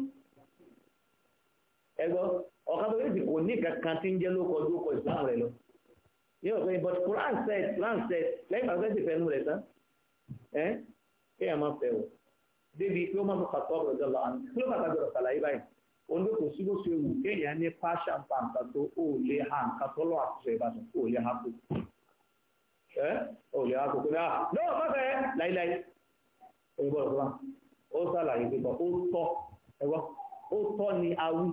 ẹgbọ́ ọ̀kan tó yẹ kò ní kankan tí ń jẹ́ ló kọjú ọkọ̀ ìsìlámù rẹ̀ lọ yóò wọ́n pé but Quran said Quran said lẹ́yìn pàṣẹ ti fẹ́ nu rẹ̀ tán ẹ́ kí ẹ̀ máa fẹ́ o débi pé ó máa fọkà tó ọ̀rọ̀ jọlọ àná kí ló bàtà jọ̀rọ̀ sàlàyé báyìí òun ló kò sí bó ṣe wù kéèyàn ní pàṣà ń pa nǹkan tó ó lè ha nǹkan tó lọ́wọ́ àtúnṣe ìbátan ó lè ha kó ẹ́ ó lè ha kó pé ah lọ́wọ́ fọ́fẹ́ láíláí òyìnbó ọ̀gbọ́n ó sàlàyé pípọ̀ ó tọ́ ẹ̀wọ́ ó tọ́ ni awí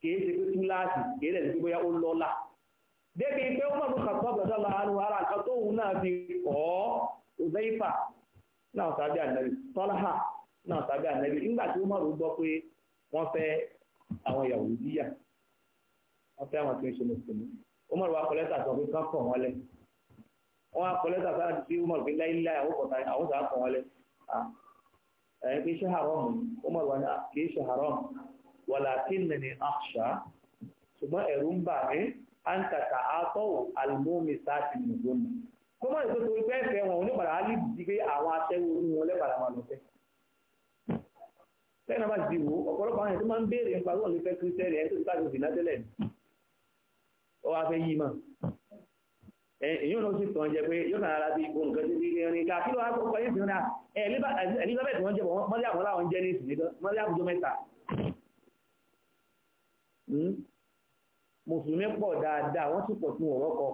kì í ṣe pé túláàsì kì í lẹ̀ débi pé ó mọ̀rún kàtọ́ ọ̀gbọ̀dọ̀ ara kan tó wù náà fi kọ́ náà tàbí tọ́láhà náà tàbí nígbà tí ó mọ̀rún gbọ́ pé wọ́n fẹ́ àwọn ìyàwó yíyà wọ́n fẹ́ àwọn tí ń ṣe mùsùlùmí ó mọ̀rún wa kọ́lẹ́tà sọ pé kán kàn wọ́n lẹ̀ wọ́n á kọ́lẹ́tà sára ti ó mọ̀rún pé láíláí àwọn an tàtà àtọ́wò alimomi sáàtì nìgbónà kó mọ̀ ìgbé torí pé ẹ̀fẹ́ wọn oníbàrà á lè di àwọn aṣẹ́wó orí wọn lẹ́bàrà máa lọ fẹ́ sẹ́yìn náà ti wò ọ̀pọ̀lọpọ̀ àwọn ẹ̀ tó máa ń béèrè nípa wọn lè fẹ́ kírísítẹ́rì ẹ̀ tó ti ọ wá fẹ́ yí mọ̀ mùsùlùmí pọ̀ dáadáa wọ́n sì pọ̀ tí wọ́n rọ́kọ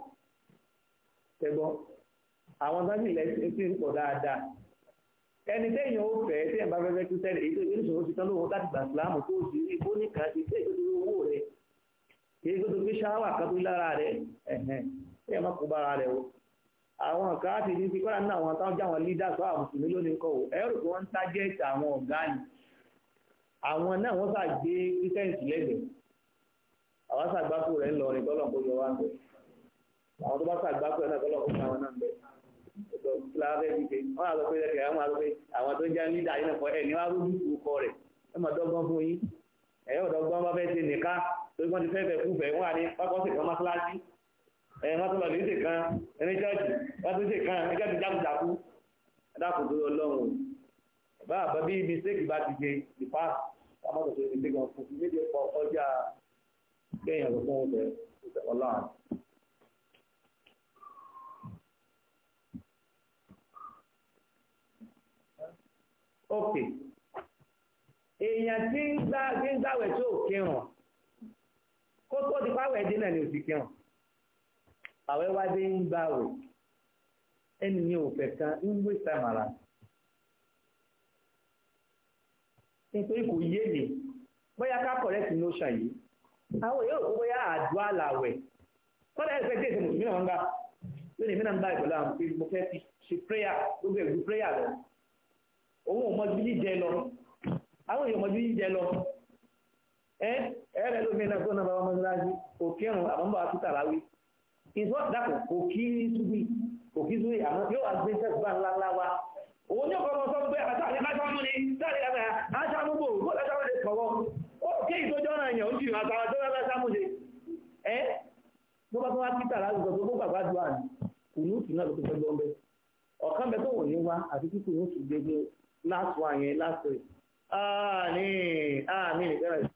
tẹ́gbọ́ àwọn sábì lẹ́sìn sì ń pọ̀ dáadáa ẹni tẹ́yìn ó fẹ́ tẹ́yìn bá fẹ́fẹ́ tún tẹ́lẹ̀ èyí tó ìṣòro ti tán lóhun láti gbà síláàmù tó sì rí bó ní kan sí tẹ́ ìgbésí owó rẹ̀ èyí tó tó gbé ṣáwà kan tó lára rẹ̀ ẹ̀hẹ̀n tẹ́yìn má kó bára rẹ̀ o àwọn kan á ti ní ti kọ́ra náà àwọn táwọn jáwọn lídà sọ àwọn mùsùlùmí lónìí kọ́ o ẹ̀rù tí wọ́n ń tájẹ́ àwọn ọ̀gá ni àwọn náà wọ́n sà gbé kírísẹ́ǹsì lẹ́gbẹ̀ẹ́ àwọn sàgbákò rẹ̀ ń lọ ní tọ́lọ̀ kó yọ wá bẹ̀ àwọn tó bá sàgbákò rẹ̀ tọ́lọ̀ kó yọ wá náà bẹ̀ ọ̀tọ̀ lábẹ́ gbígbé wọ́n àgbẹ̀ pé lẹ́kẹ̀ẹ́ àwọn àgbẹ̀ àwọn tó ń jẹ́ lídà yìí náà fọ ẹ̀ ní wá rúdú orúkọ rẹ̀ ẹ mọ̀ dọ́gbọ́n fún yín ẹ̀yẹ́ ọ̀dọ́gbọ́n bá fẹ́ ṣe nìka torí wọ́n ti fẹ́ fẹ́ fúfẹ́ wọ́n àní pákọ́sì kan mọ́ṣáláṣí ẹ̀ mọ́ṣáláṣí ṣe kan ẹni jọ́ọ̀jì wọ́n tún ṣe kan ẹjọ́ ti jákujàku ẹ̀dákùn tó yọ lọ́rùn bá àbá bí mistake bá ti ṣe the past ọmọ tó ṣe mistake wọn fún mi méjì pọ̀ ọjà kéèyàn ló fún oúnjẹ ọlọ́run. ok èèyàn tí ń gbá tí ń gbàwẹ̀ tí ò kírun kó tó di pàwẹ̀ dín náà ni ò ti kírun àwẹ̀ wá dé ń gbàwẹ̀ ẹni ní òfẹ́ kan ń wé sàmàrà nítorí kò yé mi bóyá ká correct notion yìí àwọn yóò kó bóyá àdúrà làwẹ̀ kọ́dà ẹ̀sẹ̀ tí èsì mùsùlùmí náà ń gbà lónìí mìíràn bá ìpẹ̀lú àwọn pé mo fẹ́ fi ṣe prayer gbogbo ẹ̀rù prayer lọ òun ò mọjú jíjẹ lọ àwọn èèyàn mọjú jíjẹ lọ ẹ ẹ̀rẹ́ lómi náà tó náà bá wọn mọ́sálásí kò kírun àbọ̀nbọ̀ àtúntà láwí ìfọ́ dàpọ̀ kò kí súbì kò kí súbì àmọ́ yóò wá gbé sẹ́ẹ̀sì bá ńlá ńlá wa òun yóò kọ́ ọmọ sọ́ọ́ kí ìtọ́jọ́ ọ̀ràn èèyàn ó jì máa tàwọn tó rẹ́bẹ́ sámúde ẹ́ ló bá tó wá títà láti sọ pé ó bàbá ju àná kùnúùtù náà ló tó fẹ́ gbọ́n bẹ́ ọ̀kan bẹ tó wò ní wá àti kí kùnúùtù gbé gbé láti wá yẹn láti rẹ̀ àní àmì nìkan rẹ̀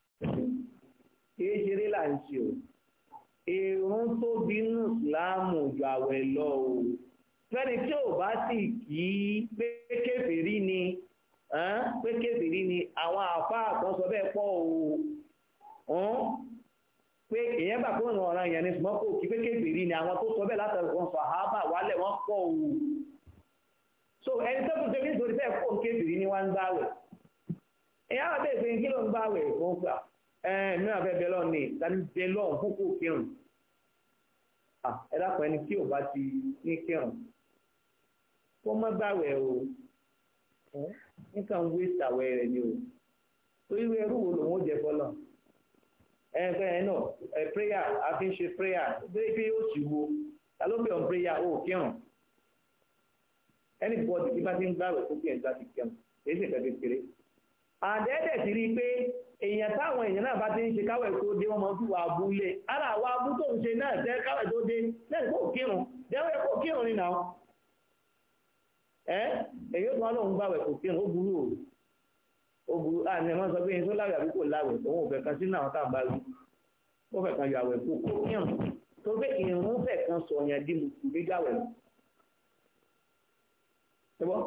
kìí ṣeré là ń ṣe o èrún tó bínú ìsìláàmù ju àwẹ̀ lọ o fẹ́ni tí ò bá sì kì pé kéferí ni pé kébìrí ni àwọn àfáà kan sọ bẹ́ẹ̀ pọ̀ o pé èyàn bà kó ìrìn ọ̀ràn èèyàn ni ṣùgbọ́n kò kí pé kébìrí ni àwọn tó sọ bẹ́ẹ̀ látàkùn sàhábà wálẹ̀ wọ́n pọ̀ o so ẹni tó kùn tẹ́lẹ̀ nítorí bẹ́ẹ̀ pọ̀ kébìrí ni wọ́n ń gbáwẹ̀ èyàn wà bẹ́ẹ̀ pé kí ló ń gbáwẹ̀ fún gbà ẹ̀ẹ́n mìíràn fẹ́ bẹ́ẹ̀ lọ́ọ̀ ni tani bẹ́ẹ̀ lọ́ọ̀ kókó kírun ẹ dákun ẹni tí ò bá ti ní kírun kó mọ́ gbáwẹ̀ o nǹkan wí ìtàwẹ́ rẹ̀ ni o torí wí ẹrú wo lòun ó jẹ bọ́lọ̀ ẹgbẹ́ ẹ ẹ prayer a fi ń ṣe prayer bẹ́ẹ̀ ó sì wo ta ló bẹ̀ ọ́n prayer ó kírun bá ti ń gbàwẹ̀ tó kírun bá ti kírun èyí sì fẹ́ẹ́ kékeré àdẹ́ẹ̀dẹ̀ ti rí i pé èèyàn táwọn èèyàn náà bá ti ń ṣe káwẹ̀ tó dé wọn máa ń wà ara àwọn abú tó ń ṣe náà jẹ́ káwẹ̀ tó dé kírun jẹ́wọ́ kírun nínú àwọn ẹ́ èyí tó wá lóun gbàwẹ̀ kò kírun ó burú o ó burú àmì ẹ̀mọ́ sọ pé ẹni tó láwẹ̀ àbí kò láwẹ̀ òun ò fẹ́ kan sínú àwọn táwọn bá rí ó fẹ́ kan yọ àwẹ̀ kò kò kírun tó pé ìrún fẹ́ kan sọ̀yàn di mùsùlùmí gbàwẹ̀ ṣẹ́bọ́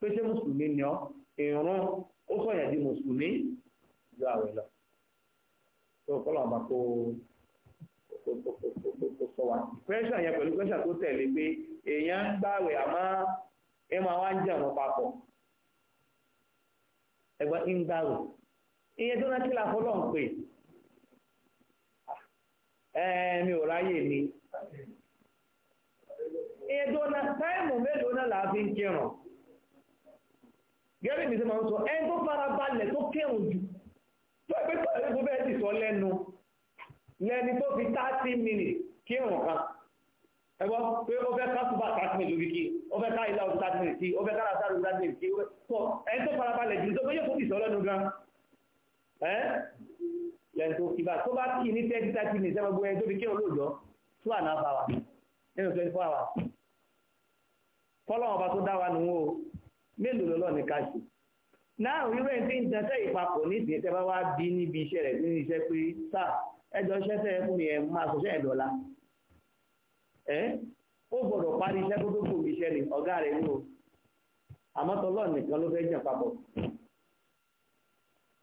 pé ṣé mùsùlùmí ni ọ́ ìrún ó sọ̀yàn di mùsùlùmí yọ àwẹ̀ lọ tó kọ́lọ̀ ọba kó kó sọ wa pẹ́ṣà yẹn pẹ̀lú pẹ́ṣà tó tẹ̀lé pé èèyàn gbàwẹ̀ àmọ́ ẹ máa wá ń jẹun papọ̀ ẹgbẹ́ ń gbàrò iye tó rántí la fọlọ́ ń pè ẹ mi ò ráyè mi iye tó na táìmù mélòó náà la fi ń kírun gẹ́gẹ́ bí mi ti máa ń sọ ẹni tó fara balẹ̀ tó kírun jù tó ẹgbẹ́ tó ẹgbẹ́ tó bẹ́ẹ̀ ti sọ lẹ́nu lẹ́ni tó fi thirty minutes kírun kan ẹgbọ́n pé ó fẹ́ ká ṣùgbà tàbí lórí kí ó fẹ́ ká ilá òun tàbí kí ó fẹ́ ká lásán òun tàbí kí ó ẹni tó farabalẹ̀ jù tó yóò fún ìsọlọ́nu gan ẹ́ lẹ́yìn tó kí bá tó bá kí ní tẹ́tí tàbí ní ìṣẹ́ gbogbo ẹni tó fi kí olóòjọ́ two and a half hours nínú twenty four hours fọlọ́wọ́n ọba tó dá wa nù ó mélòó lọ́lọ́ ní ká ṣe náà irú ẹni tí ń tẹ́tẹ́ ìpapọ̀ ní ìsìn tẹ́ bá wá níbi iṣẹ́ ẹ́ ó gbọ́dọ̀ parí iṣẹ́ tó tó kù iṣẹ́ ni ọ̀gá rẹ̀ ní o àmọ́ tọlọ́run nìkan ló fẹ́ jẹ́ papọ̀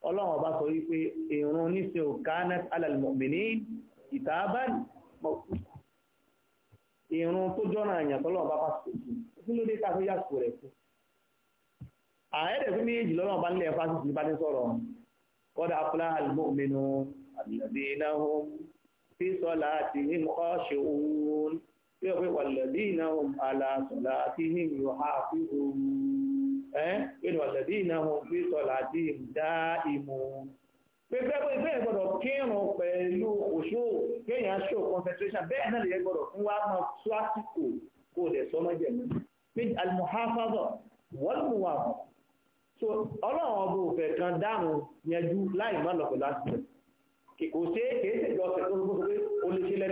ọlọ́run ọba sọ wípé ìrun níṣe ò kánat alàlùmọ̀mìnì ìtàbán mọ̀kú ìrun tó jọ́nà àyàn tọ́lọ́run bá fásitì kí ló dé tàbí yàtò rẹ̀ fún ààrẹ fún méjì lọ́rùn bá nílẹ̀ fásitì bá ní sọ̀rọ̀ kọ́dà fúlá alùmọ̀mìnì àbìlàdínà tí ó pé wàlẹ̀dí iná hùn aláṣọ̀lá àti hìn yóò ha fi ohun ẹ́ pé wàlẹ̀dí iná hùn fi sọ̀lá àti ìdá ìmọ̀ pé pẹ́pẹ́ ìgbẹ́ ìgbọ́dọ̀ kírun pẹ̀lú òṣó kéèyàn show concentration bẹ́ẹ̀ kò ṣeé kèé ṣèjọ́ ọ̀sẹ̀ tó ń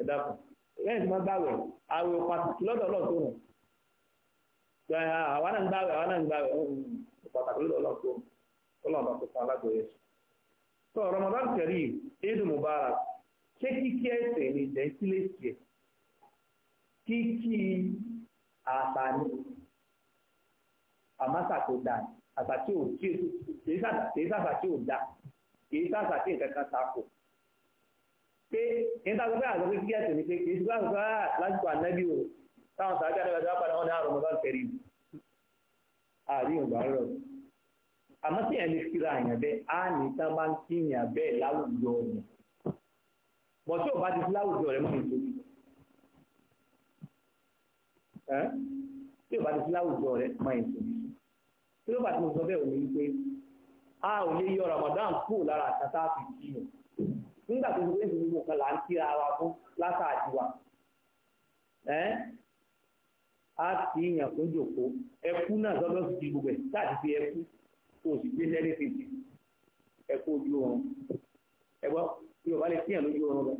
ẹ̀dá kan lẹ́yìn tí wọ́n gbàwẹ̀ àwẹ̀ pàtàkì lọ́dọ̀ ọlọ́run tó rùn gba àwa náà ń gbàwẹ̀ àwa náà ń gbàwẹ̀ pàtàkì lọ́dọ̀ ọlọ́run tó rùn ọlọ́run tó fún alágbèrè sùn. tó Ramadan kẹrí Eid Mubarak ṣé kíkí ẹsẹ̀ ní ìdẹ́sílẹ̀sì ẹ̀ kíkí àtàní àmásà tó dáa àtàtí ò tí èso kìí sàtà tí ò dáa pé ìtàkùn pé àgbẹ̀ kíkẹ́ ẹ̀sìn ni pé kì í ṣe báwọn bá ah, lásìkò ànábì o táwọn sàájú àdáwàjọ wá padà wọn ní àrùn ọmọdé kẹrì ìlú àárín ìgbà rọ àmọ́ tí ẹni fira àyàn bẹ́ẹ̀ á ní tán bá ń kíyàn bẹ́ẹ̀ láwùjọ ọ̀nà bọ̀ tí ò bá ti fi láwùjọ rẹ̀ mọ̀ nítorí tí ò bá ti fi láwùjọ rẹ̀ mọ̀ nítorí tí ló bá ti mo sọ bẹ́ẹ̀ òní wípé a ah, ò lè yọ Ramadan kúrò lára àtàtà àfi kíyàn nígbà tó gbé ìlú gbogbo kan là ń kíra wa fún látàdí wa ẹ́ á ti yàn fún jòkó ẹkú náà lọ́dọ̀ sì ti gbogbo ẹ̀ láti fi ẹkú tó o sì gbé sẹ́lẹ̀ fèsì ẹkú ojú oorun ẹgbọ́ yorùbá lè kíyàn lójú oorun lọ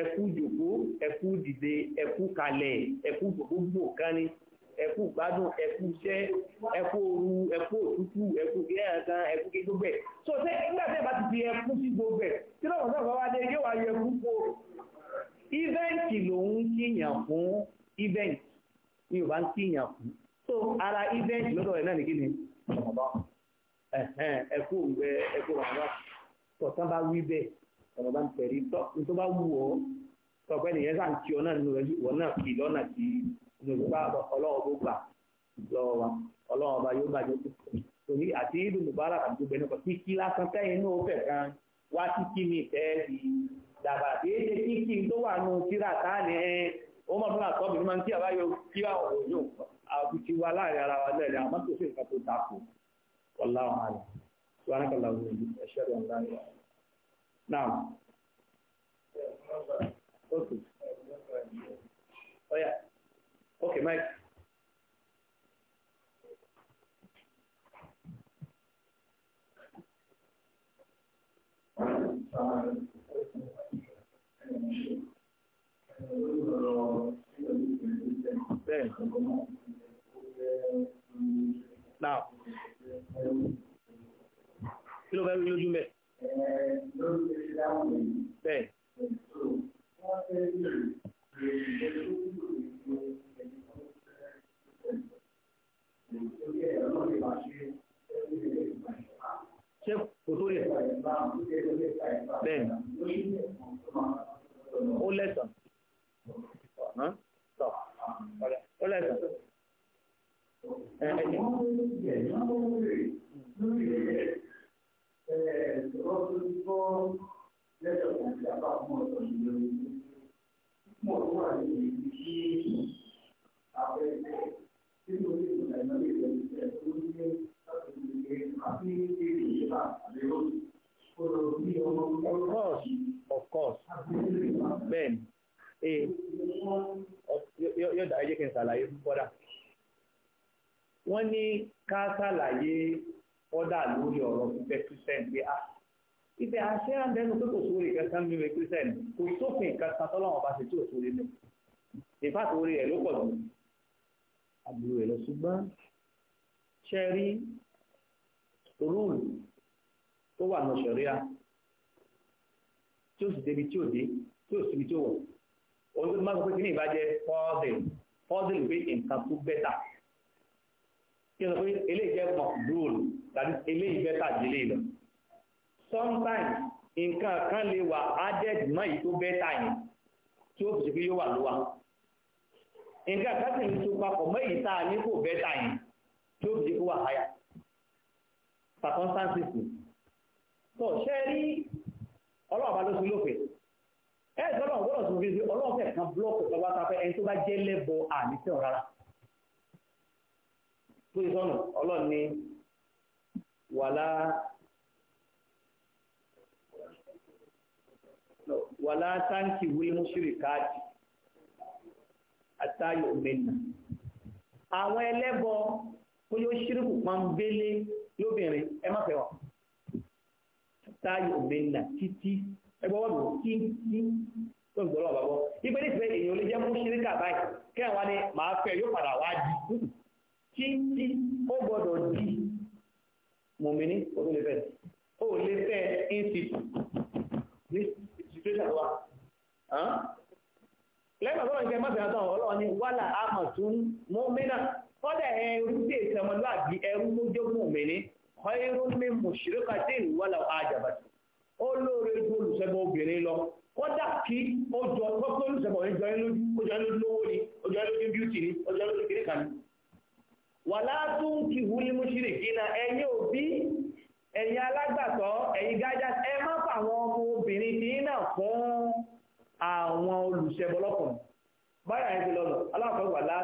ẹkú jòkó ẹkú dìde ẹkú kalẹ̀ ẹkú gbogbo kan ni ẹkú gbádùn ẹkú iṣẹ́ ẹkú ooru ẹkú òtútù ẹkú kẹẹkan ẹkú kí gbogbo ẹ so ṣé nígbà tí ẹ bá ti fi ẹkú sí gbogbo ẹ tí lọ́wọ́ náà bá dé yóò wá yẹ ẹkú kó ìvẹ́ǹtì lòun kíyàn fún ìvẹ́ǹtì ni ò bá ń kíyàn fún so ara ìvẹ́ǹtì lọ́dọ̀ ẹ̀ náà ní kí ni ẹkú òwúrẹ ẹkú ràrá tọ̀tán bá wí bẹ́ẹ̀ ọ̀nà bá ń tẹ̀rí tó bá wù ọ́ tọ̀pẹ́ nìyẹn sáà ń kí ọ náà nínú rẹ̀ wọ́n náà kì lọ́nà tí nùgbà ọlọ́wọ́ gbogbo lọ́wọ́ wa ọlọ́run ọba yóò bàjẹ́ tó torí àti ìlú mubarak àti gbogbo ẹni kan kíkí lásán tẹ́yìn náà ó kan wá kíkí mi fẹ́ di dàbà tí é ṣe kíkí tó wà nù síra táàní ẹ ó mọ̀ fún àtọ́bì ní máa ń kí àbáyọ kí àwọn òyìn àbùtí wa láàrin ara wa lẹ́rìn àwọn tó ṣe nǹkan tó takò ọ̀la ọ̀hún àlẹ́ tí wọ́n á kọ́ làwọn ẹ̀ṣẹ́ rẹ̀ ń láyé. Now, okay. Okay, Mike. Bẹ́ẹ̀ kí ló fẹ́ rí lójú mẹ́? Bẹ́ẹ̀. Thank you ṣé kò tó rí ẹ̀ bẹ́ẹ̀ ó lẹ́sàn tọ̀ ó lẹ́sàn ẹ̀ẹ́dì. Thank you. Of course, of course. Bẹ́ẹ̀ni, ee, yóò dá ẹjẹ́ kí n ṣàlàyé fọ́dà. Wọ́n ní ká ṣàlàyé fọ́dà lórí ọ̀rọ̀ fífẹ́ Christian pé a. Ah, Ibẹ̀ àṣẹ àbẹ́nu pé kò sórí ìkẹta ń bímẹ Christian, kò sófin ìkẹta tọ́lọ́wọ́n bá ṣe tí ò sórí mẹ́. Ìfàtòrí rẹ̀ ló pọ̀ jù. Àbúrò rẹ̀ lọ ṣùgbọ́n ṣẹ́rí rúùlù tó wà nù ṣẹ̀ríà tí ó sì débi tí ò dé tí ò síbi tí ò wọ̀ òun tó máa sọ pé kí ní ìbàjẹ́ fọ́ọ̀dìlù fọ́ọ̀dìlù pé nǹkan tó bẹ́tà kí sọ pé eléyìí jẹ́ mọ̀ sometimes nǹkan kan lè wà added mọ́ èyí tó bẹ́tà yẹn tí ó fi yóò wà lówà nǹkan kan sì ń tó papọ̀ mọ́ èyí tá a ní kò bẹ́tà circumstances ni so ṣe rí ọlọ́ọ̀bá ló fi lófin ẹ̀ ẹ́ sọ́dọ̀ ọ̀gbọ́dọ̀ tó fi fi ọlọ́ọ̀fẹ́ kan búlọ́ọ̀kì tó bá ta fẹ́ ẹni tó bá jẹ́ lẹ́bọ̀ àníṣẹ́ rárá tó yẹ sọ́nù ọlọ́ọ̀ ni wàlá wàlá táǹkì wílé mùsùlùmí káàdì àtàyò mẹ́nà àwọn ẹlẹ́bọ ó yóò ṣírùkù pọ́nbélé lóbìnrin ẹ má fẹ́ wà táyì òmìnira títí ẹgbọ́wọ́dù kíńkí tó ń gbọ́lọ́ bàbọ́ ipé nífẹ̀ẹ́ èèyàn lè jẹ́ mú ṣíríkà báyìí kẹ́wà ni màá fẹ́ yóò padà wá di kíńkí ó gbọ́dọ̀ di mòmìnì ó tó lè fẹ́ ó lè fẹ́ institu ní situation wa lẹ́gbàá tó ń jẹ́ mọ́sẹ̀ àtọ̀ ọlọ́ọ̀ni wàhálà àmọ̀ tún mọ́mìnà kọ́dà ẹrú tí èsì ọmọlúwàbí ẹrú ló jẹ́gùn òmìnir khairun min mushrikatin walau ajabatkum ó lóore ju olùṣẹ́gun obìnrin lọ kọ́dà kí ó jọ tọ́kọ́ olùṣẹ́gun jọ ẹlójú ó jọ lówó ni ó jọ bíútì ni ó jọ wala òbí gájà ẹ má ọmọ obìnrin fún àwọn olùṣẹ́gun ọlọ́kùnrin báyà lọ́nà wala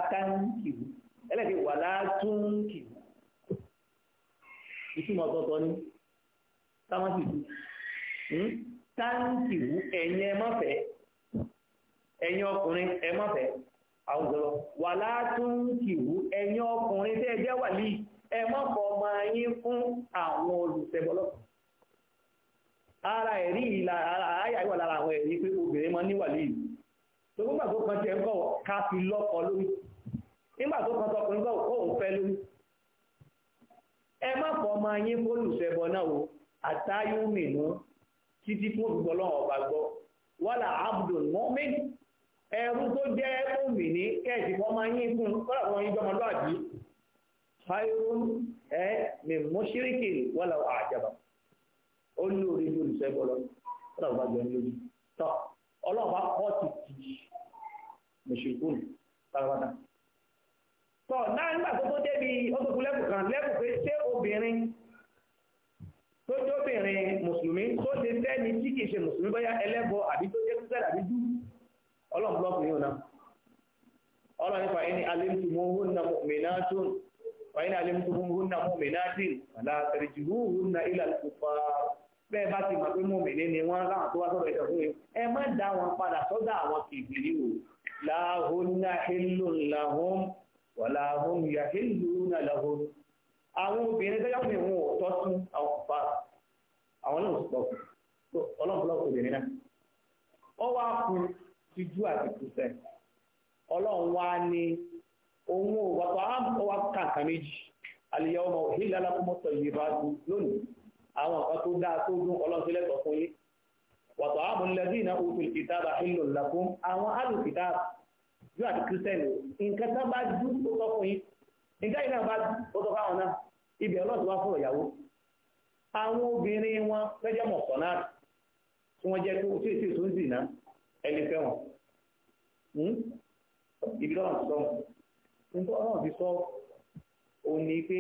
ẹlẹ́kẹ̀ wà látúnkì ìtumọ̀ ọ̀tọ̀ọ̀tọ̀ ni táwọn sì hmm? táǹkì wú ọkùnrin ẹ àwùjọ wà látúnkì wú ọkùnrin tẹ́ wà líì ẹ máa yín fún ara ẹ̀rí lára àwọn ẹ̀rí pé obìnrin níwà tó gbọ́gbà tó nígbà tó kan tọkùnrin bá òun fẹ́ lórí ẹ má fọ ọmọ yín fólùsẹ̀bọ náà o àtayúmìnú títí fún òdùgbọ́ lọ́wọ́ ọba gbọ́ wàlà abdul mọ́mìn ẹ̀rú tó jẹ́ òmìnir kẹ́ẹ̀sì fọ́ máa yín fún kọ́lá fún yín jọmọdọ́ àjí fáyọ́n ẹ̀ mẹ́mọ́ṣíríkì wàlà àjàbà ó ní orí ní olùsẹ́gbọ́ lọ kọ́lá fún bàjẹ́ lójú tọ́ ọlọ́ọ̀bá kọ́ ti mùsùlùmí tọ̀ náà nígbà tó tó débi ọdún lẹ́bù kan lẹ́bù pé ṣé obìnrin tó jóbìnrin mùsùlùmí tó ṣe fẹ́ni tí kìí ṣe mùsùlùmí bóyá ẹlẹ́bọ àbí tó jẹ́ kíṣẹ́ àbí dú ọlọ́run búlọ́ọ̀kù yóò náà ọlọ́run nípa ẹni alẹ́mùtùmọ́húnnà mọ̀mìnátún wà ní alẹ́mùtùmọ́húnnà mọ̀mìnátìn àlàtẹ̀rẹ̀jìrúhùnnà ìlàlùkùfà bẹ́ẹ̀ bá ti mọ̀ pé mọ̀mìnì ni wọ́n láwọn tó wá sọ́dọ̀ ìṣẹ̀ fún ẹ má dá wọn padà sọ́dọ̀ àwọn kìgbìlì wò láhùnnà ìlú làhùn wàlá ahun ìyá hìlú náà lọ́wọ́ àwọn obìnrin tẹ́lá mi wọn ò tọ́ sí àwọn kò fà àwọn náà sọ ọlọ́run lọ́wọ́ obìnrin náà ọ wá kú ti ju àti kùsẹ̀ ọlọ́run wá ní òun ò wà pa ọ wá kàǹkà méjì àlìyá ọmọ òhìlá lápọ́mọ́tọ̀ yìí bá lónìí àwọn nǹkan tó dáa tó dún ọlọ́run sílẹ̀ sọ fún yín yóò àti kírísítẹ́nì nǹkan tán bá dú ó sọ fún yín nǹkan yìí náà bá dú ó sọ fáwọn náà ibi ọlọ́ọ̀tún wá fọ̀rọ̀ ìyàwó àwọn obìnrin wọn fẹ́jẹ́ mọ̀kàn náà tí wọ́n jẹ́ tó tí èsì tó ń dì náà ẹni fẹ́ wọn hmm? ibi ọ̀rọ̀ sọ nítorí ọ̀rọ̀ ti sọ òun ni pé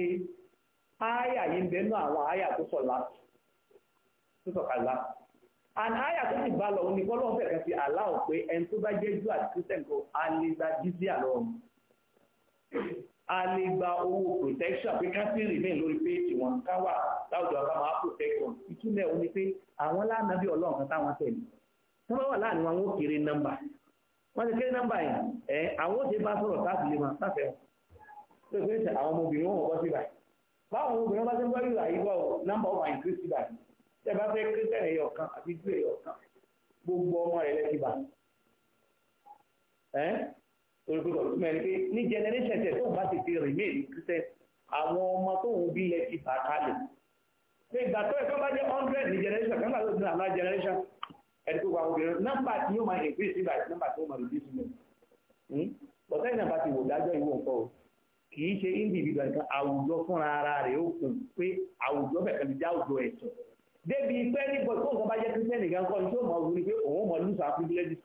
ááyà yìí ń bẹ́ẹ̀ nú àwọn ááyà tó sọ̀ láti tó sọ̀kalẹ̀ láti and aya tó ti bá lọ òun ni kọ́ lọ́wọ́ fẹ̀kẹ́ fi aláwọ̀ pé ẹni tó bá jẹ́ jù àti christian kò a lè gba jizya lọ́wọ́ a lè gba owó protection pé káńtì remain lórí péjì wọn ká wà láwùjọ àbá máa protect wọn ìtumọ̀ òun ni pé àwọn lánàá bí ọlọ́run kan táwọn tẹ̀lé tí wọ́n wà láàrin wọn ó kéré nọ́mbà wọ́n ti kéré nọ́mbà yẹn ẹ̀ àwọn ó ti bá sọ̀rọ̀ táàbù lè máa sáfẹ́ wọn tó pé àwọn ọmọbìnrin wọn wọ́n bọ́ sí báyìí báwọn ọmọbìnrin bá ti ń gbọ́ tẹ́ bá fẹ́ kírísítẹ̀nì ẹ̀yọ̀ kan àti jù ẹ̀yọ̀ kan gbogbo ọmọ rẹ̀ lẹ́ti bà ẹ́ torí pé kọ̀ọ̀tún mẹ́rin pé ní generation tẹ̀ tóun bá ti fi remain kírísítẹ̀nì àwọn ọmọ tóun bí lẹ́ti bà kalẹ̀ pé ìgbà tó ẹ̀kọ́ bá jẹ́ hundred ní generation kan náà ló ti àná generation ẹni tó wà obìnrin nọ́mbà tí yóò máa increase nígbà tí nọ́mbà tó máa reduce mọ́ bọ̀tẹ́ ìnàbà ti wò dájọ́ ìwò nǹkan o kì í ṣe individual nǹkan àwùjọ fúnra ara rẹ̀ ó kùn pé àwùjọ bẹ̀rẹ̀ kan ti já àwùjọ ẹ̀sùn débi pé níbo tó nǹkan bá jẹ́ kírísítẹ́nì gan kọ́ ni tó mọ̀ wù ní pé òun mọ̀ lùsà fúnilẹ́dì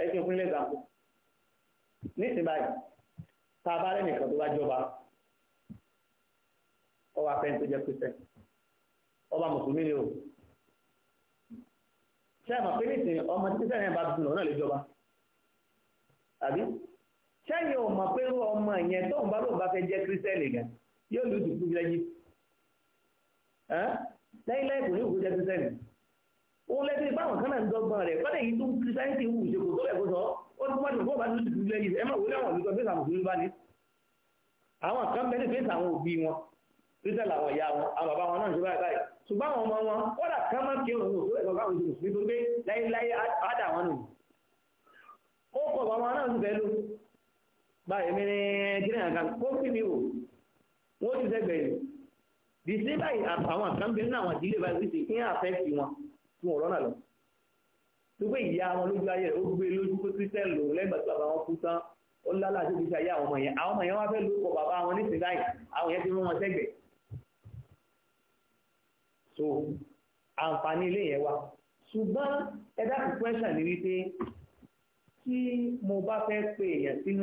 ẹ ṣe fúnilẹ́ gàǹkó nísìnyí báyìí tá a bá lẹ́nìkan tó bá jọba ọba fẹ́ tó jẹ́ kírísítẹ́nì ọba mùsùlùmí ni o ṣe àmà pé nísìnyí ọmọ tí kírísítẹ́nì bá dùn lọ́nà lè jọba àbí ṣẹ́yìn ò mọ̀ pé ọmọ ìyẹn tóun bá lóun bá fẹ́ jẹ́ kírísítẹ́nì láíláí kò ní òkú jẹ́ kírísítẹ́nì òun lẹ́sìn ipá àwọn kánà ń dọ́gbọ́n rẹ̀ yìí tó ń wù ṣe kò tó sọ ó ti fún ọ̀bánú ti ẹ má wọlé àwọn olùkọ́ fèsì àwọn òṣèlú àwọn kan bẹ́ẹ̀ fèsì òbí wọn làwọn ìyá wọn àwọn bàbá wọn náà ń ṣe báyìí báyìí ṣùgbọ́n àwọn ọmọ wọn má kí wọn wọn the same by àwọn àkànbẹ nínú àwọn ìdílé báyìí sí kí ń àfẹ́sì wọn tí wọn rọ́nà lọ tó pé ìyá wọn lójú ayé rẹ̀ ó gbé lójú pé christian lò lẹ́gbàá tí bàbá wọn kú tán ó lálà tó fi ṣe ayé àwọn ọmọ yẹn àwọn ọmọ yẹn wá fẹ́ ló kọ bàbá wọn ní sinai àwọn yẹn ti mú wọn sẹ́gbẹ̀ẹ́ so àǹfààní ilé yẹn wà ṣùgbọ́n ẹ̀dá kùkwẹ́ṣà ni wípé tí mo bá fẹ́ pe èèyàn sínú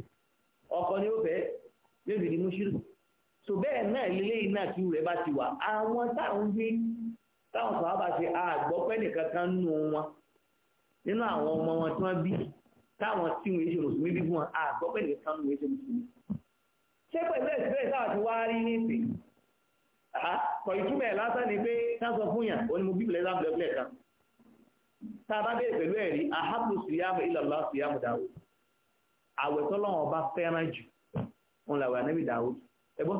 ọkọ ni ó fẹ́ yóò fi di mùsùlù so bẹ́ẹ̀ náà lélẹ́yìn náà kí rẹ̀ bá ti wà àwọn táwọn gbé táwọn sọ̀rọ̀ bá ṣe àgbọ́pẹ́ nìkan kan nù wọn nínú àwọn ọmọ wọn tí wọ́n bí táwọn tí wọ́n ṣe mùsùlùmí bí fún wọn àgbọ́pẹ́ nìkan kan nù wọ́n ṣe mùsùlùmí ṣé pẹ̀lú ẹ̀sìpẹ̀lẹ̀ táwọn ti wá rí ní ìsìn kọ̀ ìtumọ̀ ẹ̀ lásán ni pé sáńsọ fún yàn ó ní mo bíbélé lábẹ́lẹ́ kan tá a bá bẹ̀rẹ̀ pẹ̀lú ẹ̀rí àhábù síyámù ìlàlá síyámù dáwọ́ àwẹ̀ tọ́lọ́wọ́n ọba fẹ́ràn jù òun làwẹ̀ ànábì Dáúdù ẹgbọ́n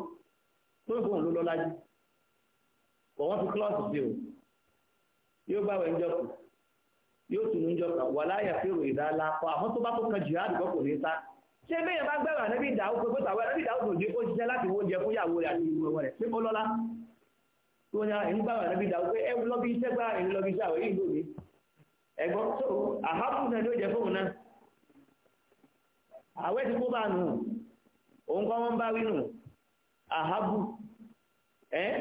tó ń fóun ló lọ́lá jù bọ̀ wọ́n fi klọ́ọ̀sì sí o yóò bá wẹ̀ ń jọkù yóò tún ń jọkà wà láyà fèrò ìdálá kọ àmọ́ tó bá tó kan jihad kọ́ kò ní sá ṣé bẹ́ẹ̀ bá gbẹ̀rọ ànábì Dáúdù pé tàwọn ànábì Dáúdù kò jẹ́ ó ṣiṣẹ́ láti wọ́n jẹ fún ìyàwó rẹ̀ àti ìwé rẹ̀ pé ó lọ́lá tó ní àwọn ìgbà ànábì Dáúdù pé ẹ lọ́bí iṣẹ́ gbára ẹ̀ lọ́bí iṣẹ́ àwọn èyí lónìí ẹ̀gbọ́n tó àhábù náà ló jẹ fóun náà àwẹ́ ti kó bá nù òun kọ́ wọ́n bá wí nù àhábù ẹ́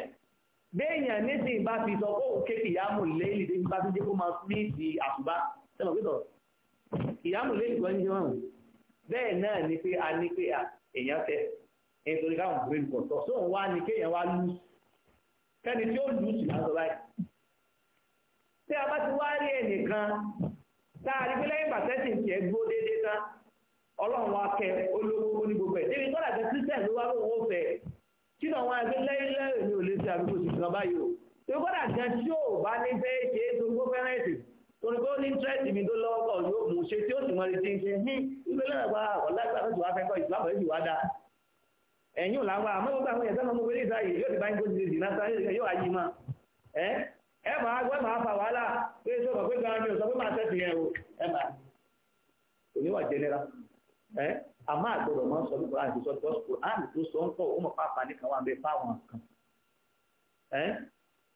béèyàn nísìn bá fi sọ pé òun kéèkì ìyámù léèlì débi bá tún jẹ́ kó máa fi ti àṣùbá sẹ́mọ̀ pé tọ̀ ìyámù léèlì kan ní wọn bẹ́ẹ̀ náà ni pé a ní pé èèyàn tẹ nítorí káwọn brain kò tọ̀ sóun wá ní kéèyàn wá lù kẹ́ni tí ó lù sí lásọ báyìí tí a bá ti wá rí ẹnìkan tá a rí pé lẹ́yìn pàtẹ́sì tiẹ̀ gbó déédéé tán ọlọ́run wa kẹ olówó ní gbogbo ẹ̀ débi tọ́lá ẹ̀fẹ́ christian ló wá lóun ó fẹ́ kí náà wọn ẹgbẹ́ lẹ́yìnlẹ́yìn ní olè ṣe àbíkó sì kan báyìí o tó kọ́dà gan tí ò bá ní fẹ́ ṣe é torí kó fẹ́ràn ẹ̀sìn torí kó ní interest mi tó lọ́wọ́ kọ̀ yóò mú ṣe tí ó sì mọ retí ṣe hí ìgbé lẹ́gbàá ọ̀lágbà tó ti wá ẹ máa gbọ́ máa fa wàhálà pé sọ́kọ̀ pé gan-an pé máa tẹ̀sí yẹn o ẹ máa kò níwà jẹnẹra a máa gbọ́dọ̀ máa ń sọ nípa àti sọ bọ́sù kùránì tó sọ ń kọ́ ó mọ̀ pàápàá nìkan wà fáwọn kan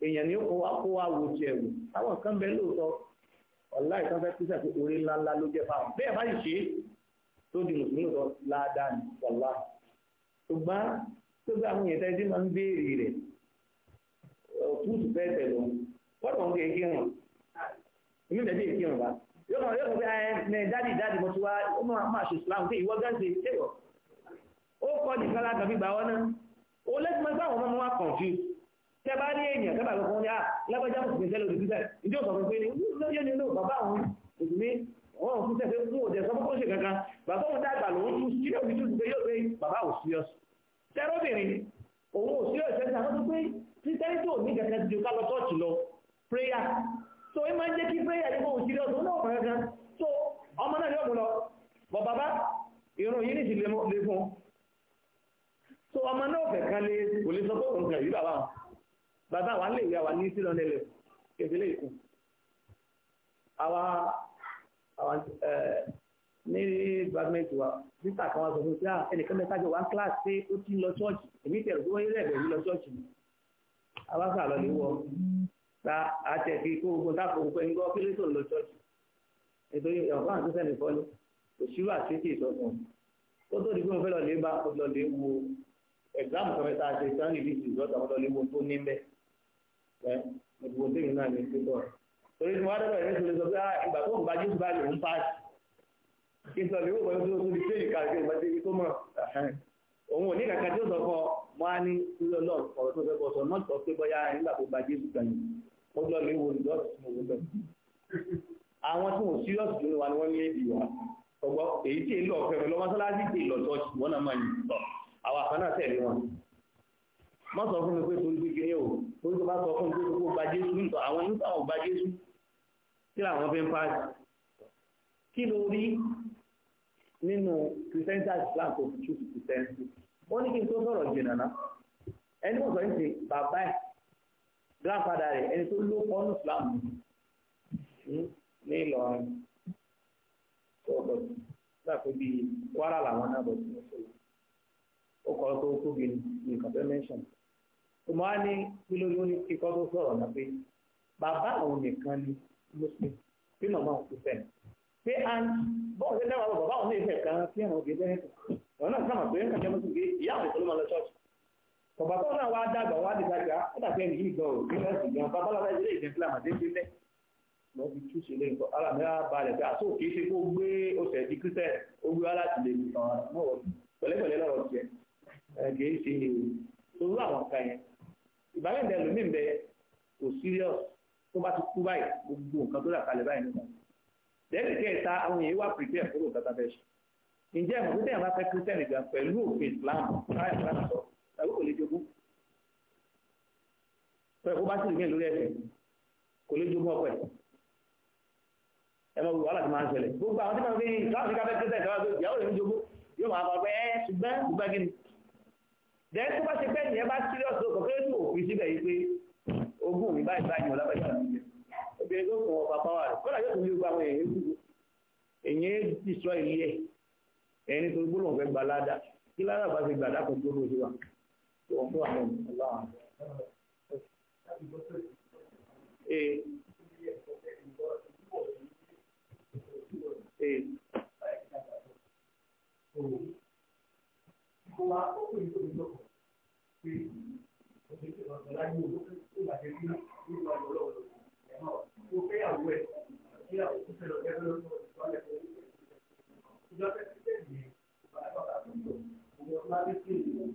èèyàn ni ó kó wá kó wá wo tiẹ̀ wò táwọn kan bẹ lóòótọ́ ọ̀la ìtàn fẹ́ pín sàkó orí ńláńlá ló jẹ́ fáwọn bẹ́ẹ̀ bá yìí ṣe tó di mùsùlùmí ní ọ̀la yóò kàn yóò kàn pé ẹ eh, ní dáàdì dáàdì mo ti wá ó máa ṣe Islam pé ìwọ gẹ́gẹ́ ṣe wọ̀ ó kọ́ nìkan lágàn bí gbàwọ́ náà ó lẹ́sìn mọ́ sáwọn ọmọ wa confuse tẹ bá ní èèyàn tẹ́ bá lọ fún ní à lágbájá mùsùlùmí tẹ́lẹ̀ òdì sísẹ̀ ìjọ sọ fún pé ní lóye ni ló bàbá àwọn òsùnmí wọn fún tẹ́fẹ́ fún òjẹ̀ sọ fún kóńṣe kankan bàbá òun dàgbà lòun tún sílẹ̀ òbí tún pé yóò pé bàbá ò serious tẹ́rọ́bìnrin òun ò serious ẹ̀sẹ̀ àwọn tó pé títẹ́rì tó ní kẹ̀kẹ́ ju ká lọ tọ́ọ̀tì lọ prayer so ẹ máa ń jẹ́ kí prayer yìí fún òṣìṣẹ́ ọ̀tún náà pẹ̀lú so ọmọ náà yóò lọ bọ̀ bàbá irun yìí nìṣì lè fún so ọmọ náà fẹ̀ kan lè kò lè sọ pé bàbá wọn bàbá wa lè yà wá ní sílọ nílẹ̀ ìpínlẹ̀ Èkó àwa ní department wa kan wá sọ fún ah, ẹnìkan pé ó ti lọ èmi lọ ta àtẹ̀fi kó ogun tápò òun pẹ̀lú gbọ́ kírísítò lọ ṣọ́ọ̀ṣì nítorí ọ̀pá àti sẹ́mi kọ́ni kò ṣírò àṣetì ìsọ̀kan kó tó di pé mo fẹ́ lọ lè bá lọ lè wo ẹ̀gbáàmù kan mẹ́ta ṣe sáńdì bí ti ìjọ́ta mo lọ lè wo tó ní bẹ́ẹ̀ ẹ́ mo ti wo tèmi náà ní pípọ̀ torí tí wọ́n á dẹ́gbẹ̀rẹ́ ní sọ pé ah, ìgbà tó ń bá jésù báyìí òun pàṣẹ kí n sọ lè wò pẹ̀lú tó tó di pé ìkàlẹ̀ ìgbàdé tó mọ̀ òun ò ní kankan tí ó sọ fọ mo á ní lọ́ọ̀ ọ̀rọ̀ tó fẹ́ bọ̀ sọ mọ́tò pé bọ́yá nígbà tó gba jésù gbà wọ́n lọ lè wo rìsọ́ọ̀tì tí wọ́n lọ. àwọn tí wọ́n sírọ́ọ̀sì jù wa ni wọ́n ní èdè wa ọgbọ́ èyí tí èlò ọ̀fẹ́ lọ mọ́sálásí tí èlò ṣọ́ọ̀ṣì wọ́n náà máa ń sọ àwọn àfáàná tẹ̀lé wọn. wọ́n sọ fún mi pé torí gbígbé o torí tó bá sọ fún mi pé gbogbo gba Jésù nìkan àwọn inú táwọn gba Jésù kí làwọn fi ń pa kí ló rí nínú kìrìsẹ́ńtà Islam tó fi túùtù kìrìsẹ́ńtì wọ́n ní kí n tó sọ̀rọ̀ jìnnà náà ẹni mọ̀ sọ grandfather rẹ̀ ẹni tó ló pọ́nù Islam hmm? ní Ìlọrin tó bọ̀ gbà pé bíi Kwara làwọn náà bọ̀ sí ọ̀ṣọ́lá ó kọ́ tó tóbi nǹkan fẹ́ mẹ́ṣọ̀n tó máa ní kí ló ní kíkọ́ tó sọ̀rọ̀ náà pé bàbá òun nìkan ni Muslim tí màmá òun kò fẹ́ pé à ń bọ́ọ̀ sí dáwà bàbá òun ní ìfẹ́ kan sí àwọn òbí bẹ́ẹ̀ kan wọn náà sábà pé ń kàn jẹ́ mọ́tò gbé ìyá àwọn ìfọlọ́mọ lọ ṣọ́ọ̀ṣì bàbá tó náà wá dàgbà wá dìgbà jà ó dàbí ẹni yìí gan o nígbà tí gan babaláwa ilé ìdí ńlá màdé ń délẹ̀ lọ fi tú sílé nǹkan ara mi á balẹ̀ pé àtò kìí ṣe kó gbé oṣù ẹ̀dí kírísẹ̀ ó gbé wá láti lè mi kan náà pẹ̀lẹ́pẹ̀lẹ́ lọ́rọ̀ tiẹ̀ kìí ṣe torú àwọn nǹkan yẹn ìbáraẹ̀dẹ̀ lómi ń bẹ kò serious tó bá ti kú báyìí gbogbo nǹkan tó dà kalẹ̀ báyìí nìkan lẹ́yìn kẹta àwọn èèyàn wà prepare fún òkàtà bẹ́ẹ̀ ṣe ǹjẹ́ ìmọ̀ pé tẹ̀yàn bá fẹ́ kírísẹ̀ tàbí kò lè jogún pẹ̀lú kó bá sì rìn lórí ẹ̀sìn kò lè jogún ọpẹ ẹ máa wù wàhálà tí máa ń ṣẹlẹ̀ gbogbo àwọn tí máa ń fi láwọn fi káfẹ́ kẹsẹ̀ ìjọba ìyàwó rẹ̀ ń jogún yóò máa bọ̀ pé ẹ ṣùgbọ́n ṣùgbọ́n kí ni dẹ́n tó bá ṣe pẹ́ nìyẹn bá serious o kò fẹ́ tó òfin síbẹ̀ yìí pé ogún mi báyìí báyìí wọn lábẹ́ ìjọba ìjọba obìnrin tó fún ọba pàwà rẹ̀ kọ́lá yóò tún lé gba òun Thank you.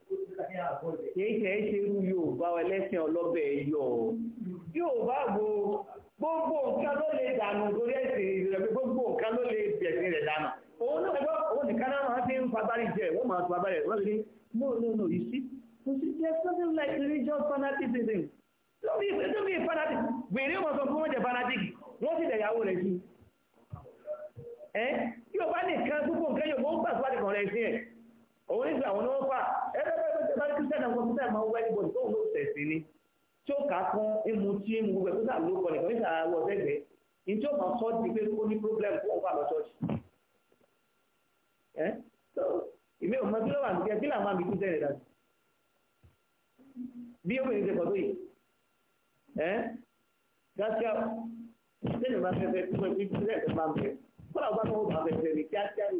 kìí ṣe é ṣe irú Yorùbá ẹlẹ́sìn ọlọ́bẹ̀ yọ Yorùbá gbo gbogbo nǹkan ló lè dànù lórí ẹ̀sìn rẹ̀ gbogbo nǹkan ló lè bẹ̀sìn rẹ̀ dànù òun náà ẹgbẹ́ òun nìkan náà máa ti ń fagbárí jẹ wọ́n máa tún abẹ́rẹ́ wọ́n lè no no no you see you see there something like religious fanaticism lórí lórí fanatic gbèrè wọn sọ fún wọn jẹ fanatic wọn sì dẹ̀yàwó rẹ̀ sí
ẹ Yorùbá nìkan gbogbo nǹkan Yorùbá ó gbà síwájú kan rẹ̀ sí ẹ̀
òun bá rí kírísítẹ́nì àwọn ọmọ sáà máa ń wá ẹgbọ́n tó ń lò sẹ̀sìn ni tí ó kà á kán emu tí emu gbogbo ẹ̀ tó sáà ló kọ nìkan nígbà àwọ̀ ọ̀sẹ̀gbẹ̀ ní tí ó máa sọ di pé ó ní problem fún òun àlọ́ ṣọ́ọ̀ṣì. ẹ tó ìmí ò mọ kí ló wà ní kí làwọn àmì kírísítẹ́nì dà bí ó bẹ̀rẹ̀ ṣe pọ̀ tó yìí ẹ gáṣíà kírísítẹ́nì máa fẹ́ fẹ́ kí wọ́n fi kírísítẹ́nì máa fẹ́ kọ́lá ọba tó wọ́n bá fẹ́ ní kíákíá ní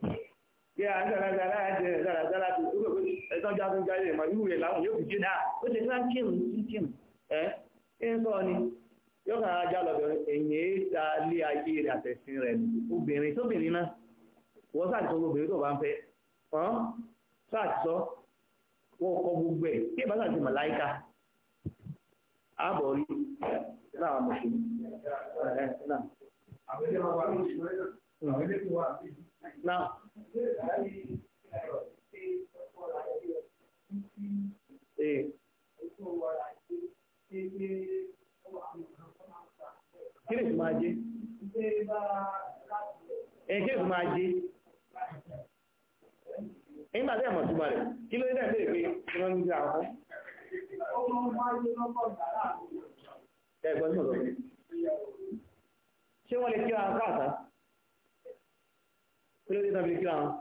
kí a gbàgbàgbà láàájẹ gbàgbàgbà tó ẹ̀sán jágun jáde ìmọ̀ irú rẹ̀ láwọn yóò fi jí náà ó ti fẹ́ kírun sí kírun ẹ́ ń sọ ni yóò kàn á já lọ́dọ̀ ẹ̀yìn èéta lé ayé rẹ̀ àtẹ̀sìn rẹ̀ obìnrin tóbìnrin náà wọ́n sáà tó obìnrin tó bá ń fẹ́ ọ́n sáà sọ wọ́n kọ gbogbo ẹ̀ kí ìbá ti màláìka ààbọ̀ rí náà Now, ee. Kiri su máa jẹ́? Ẹ kiri su máa jẹ́? Ẹyin bá dẹ́yà mọ̀ túnmà rẹ̀, kí ló dẹ́ bèèrè pé kí wọ́n ń gbé àwọn? Ẹgbọ́n ní ọ̀dọ́. Ṣé wọ́n lè kí ara ń káàtà? kí ló dé tàbí kí àwọn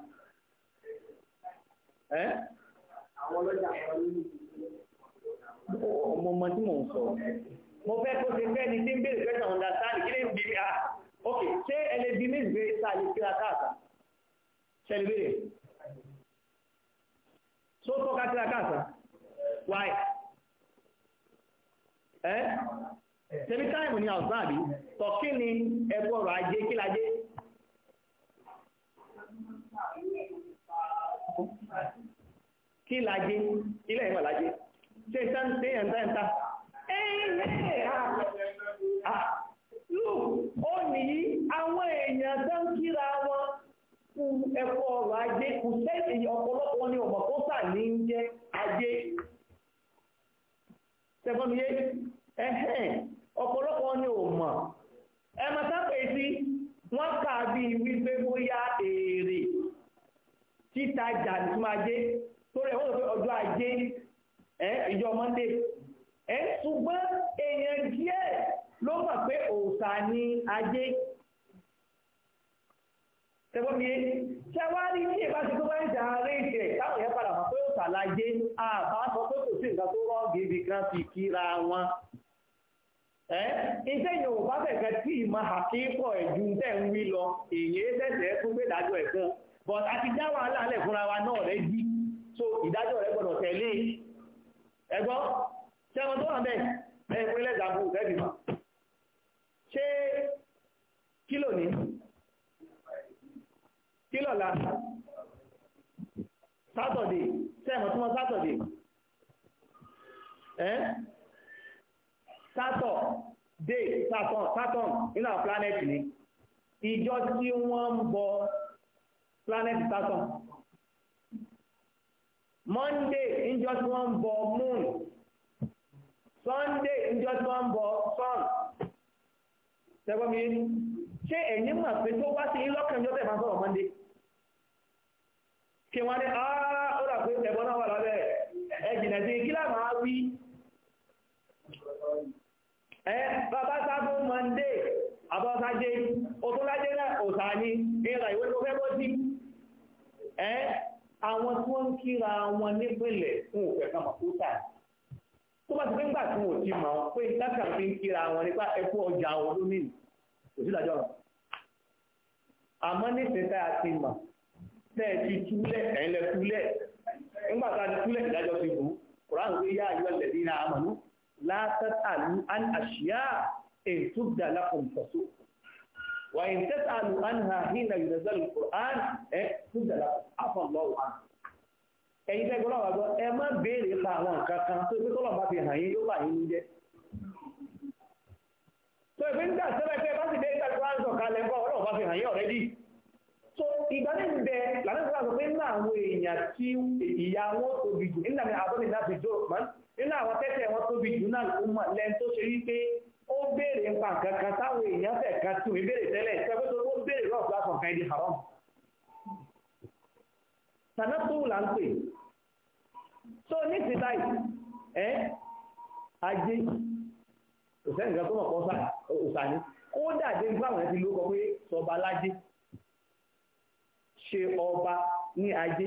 ẹ́ ọmọ ọmọ tí mò ń sọ mo fẹ́ kó ṣe fẹ́ ni tí ń bèèrè fẹ́ ṣàwọn dáadáa kí lè ń bí mi ah ok ṣé ẹlẹ́bí mi gbé sáà lè kíra káàkà ṣẹlẹ̀ bèèrè tó tọ́ka kíra káàkà why ẹ́ tẹ̀mí táìmù ni àwọn sáà bí tọ́kí ni ẹ̀kọ́ ọ̀rọ̀ ajé kí lajé kí lajé ilẹ̀ ìwà lajé ṣe sáńté ẹ̀ntẹ́ntà ẹ̀ẹ́ ah! ah! lù ó nìyí àwọn èèyàn tó ń kíra wọn kú ẹ̀kọ́ ọ̀rọ̀ ajé kù ọ̀pọ̀lọpọ̀ sà ní ń jẹ́ ajé yé ẹ̀hẹ́n ọ̀pọ̀lọpọ̀ kà bí wípé bóyá èrè títa ìjà ìtumọ̀ tó rẹ̀ wọ́n ọjọ́ ajé ìjọ mọ́ndé ẹ̀ ṣùgbọ́n ni ajé tẹ́gbọ́n ṣẹ́wárí ní ìbá ti tó bá ń jà ìṣẹ̀ yẹn padà pé àbá sọ pé gidi kan fi kíra wọn iṣẹ́ ò bá fẹ̀kẹ́ tí ìmọ̀ àkíkọ̀ ẹ̀jú tẹ̀ ń wí lọ èyí ẹ̀fún but a ti dá wàhálà alẹ́ fúnra wa náà rẹ̀ jí so ìdájọ́ rẹ̀ gbọ́dọ̀ tẹ̀lé ẹgbọ́ sẹ́wọ́n tó wà ń bẹ̀ ẹ̀ fún ilẹ̀ ìdàbò rẹ̀bì mọ̀ ṣé kílò ní kílò la sátọ̀dé sẹ́wọ̀n tó wọ́n sátọ̀dé ẹ́ sátọ̀ dé sátọ̀ sátọ̀ nínú àwọn pláneètì ni ìjọ tí wọ́n ń bọ planet Saturn Monday in just one moon Sunday níjọ́ tí wọ́n ń sun tẹ́gbọ́n mi ṣé ẹ̀yin mọ̀ pé tó wá sí ilọ́kànjọ́ tẹ̀ máa sọ̀rọ̀ Monday kí wọ́n ní ah, ó rà pé ẹ̀bọ́n náà wà lábẹ́ wí ẹ̀ bàbá Monday àbọ́sájé òtúnlájé náà òsà ní ìrà ìwé tó fẹ́ bọ́ sí ẹ́ àwọn tí wọ́n ń kíra wọn nípìnlẹ̀ fún òfẹ́ kama kúta tó bá ti fẹ́ gbà tí wọ́n ti mọ̀ pé lákà fi ń kíra wọn nípa ẹkú ọjà olómìn kò sí ìdájọ́ àmọ́ nífẹ̀ẹ́ tá a ti mọ̀ tẹ́ ẹ ti túlẹ̀ ẹ̀yìn túlẹ̀ nígbà tá a ti túlẹ̀ ìdájọ́ ti bù kùránù pé yá àyọ̀ lẹ̀ إن تبدى لكم تسوء وإن تسألوا عنها حين ينزل القرآن تبدى لكم عفى الله عنه ẹ̀yin tẹ́ gbọ́dọ̀ wà ẹ má béèrè pa àwọn tó bá fi hàn yín yóò bá yín tó pé bá sì dé ìta bá fi hàn yín so ìgbà ní pé àwọn èèyàn tí jù nínú àwọn tẹ́tẹ̀ wọn tóbi jù náà ló mọ̀ tó ṣe wípé ó béèrè ń pa nǹkan táwọn èèyàn fẹ̀ kan tún ìbéèrè tẹ́lẹ̀ ìṣẹ́gbẹ́ tó ó béèrè lọ́ọ̀gbà ẹni haram sanatowu la ń pè so ní ti báyìí ẹ ajé kò kan tó mọ̀ kọ́ ó dàdé ti lókọ pé sọba lájé ṣe ọba ní ajé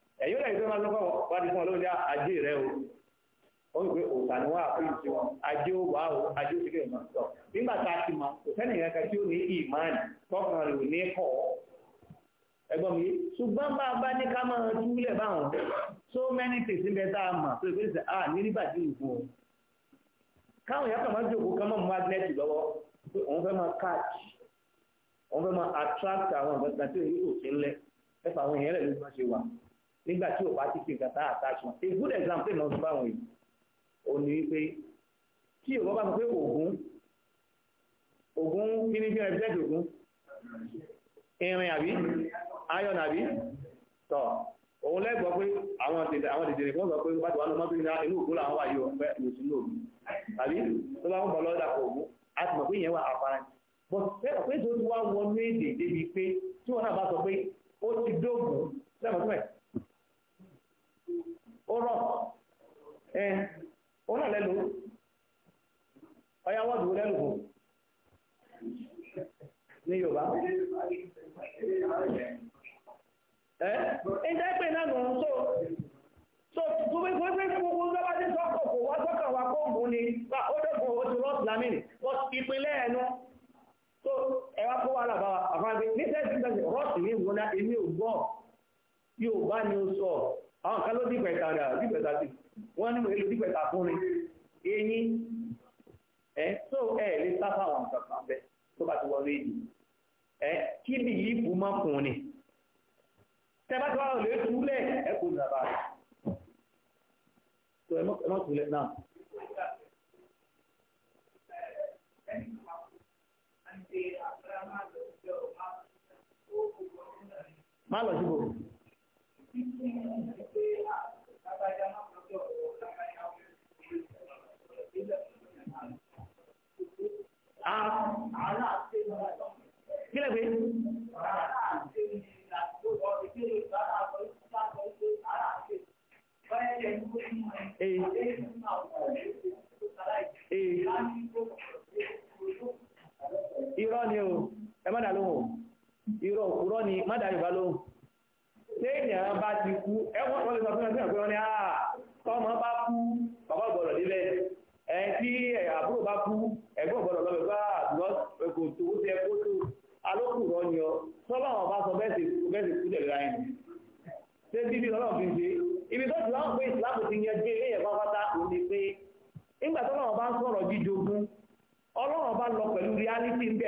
ẹ̀yìn náà ìfẹ́ máa lọ́kọ̀ wá ti fún ọlọ́run ní ajé rẹ o wọ́n wípé òòtà ni wọ́n àfihàn sí wọn ajé ó wà ó ajé ó ti kéwòn máa sọ nígbà tá a ti mọ kò sẹ́ni ìyá kan tí ó ní ìmáàlì tọkàn rẹ̀ ò ní kọ̀ ẹ̀gbọ́n mi ṣùgbọ́n bá a bá ní ká máa túlẹ̀ báwọn so many things ń bẹ tá a mọ̀ pé pé sẹ́ ah ní nígbà tí ìfún o káwọn ìyá kan máa jókòó kán máa mú magnẹ́tì lọ́wọ́ pé òun fẹ́ máa catch òun fẹ́ máa attract àwọn ìgbà tí òun yóò ṣe ń lẹ́ ẹ̀fà àwọn èèyàn rẹ̀ ló máa ṣe wà nígbà tí o bá ti fi nǹkan tá àtàṣe wọn a good example náà fún báwọn yìí ò ní pé tí Yorùbá bá sọ pé ògún ògún kí ni bí wọn ẹgbẹ́ ògún irin àbí iron àbí tọ òun lẹ́gbọ́ pé àwọn dìdìrì fún ọgbọ̀ pé bá ti wà lọ́mọ́ tó ní inú ògún làwọn wà yóò fẹ́ lòsùn lòrùn àbí tó bá ń bọ̀ lọ́dà ògún a ti mọ̀ pé ìyẹn wà àfarahàn but fẹ́ràn pé tó wá wọnú èdè débi pé tí wọn náà bá sọ pé ó ti dógùn lẹ́mọ̀ ó rọ̀ ẹ̀ ó náà ọya wọ́ọ̀dù lẹ́lò fún ní Yorùbá ẹ̀ ń jẹ́ pé náà nù tó so gbogbo ẹgbẹ́ gbogbo gbogbo ti sọ́kọ̀ kò wa kó mú ni pa ó dẹ́kun àwọn kan ló dìgbẹ̀ta rẹ̀ dìgbẹ̀ta sí wọ́n ní èlò dìgbẹ̀ta fún ni eyín ẹ̀ tó ẹ̀ lè sáfà àwọn ìjọba bẹ tó bá ti wọ rédíò ẹ̀ kí bìlífù má kùn ni tẹ bá ti wá lè túlẹ̀ ẹ kò nàbà tó ẹ má túlẹ̀ náà. Má lọ síbò. Kílẹ̀ pé? Ee. Eh, ee. Eh, irọ́ ni o, ẹ má dà lóhùn. Irọ́ òkúrọ́ ni, má dà Yorùbá lóhùn téèyàn bá ti kú ẹ̀wọ̀n wọ́n lè sọ fún ẹgbẹ́ ìpínlẹ̀ ní àà tọ́mọ bá kú bàbá gbọ́dọ̀ débẹ̀ ẹ̀ tí àbúrò bá kú ẹ̀gbọ́n gbọ́dọ̀ lọ́wọ́ bá àdúgbò ah, ẹ̀kọ́ tó ó ti ẹ kó tó alókù rọ ni ọ sọ́lọ́wọ́n bá sọ bẹ́ẹ̀ sì kú tẹ̀lé ra ẹni ṣé bíbí ọlọ́run fi ṣe ibi tó ti láwọn pé ìsìláàmù ti yan gbé léyẹ̀ pátápátá kò ní pé nígbà tọ́lọ́wọ́n bá ń sọ̀rọ̀ jíjogún ọlọ́run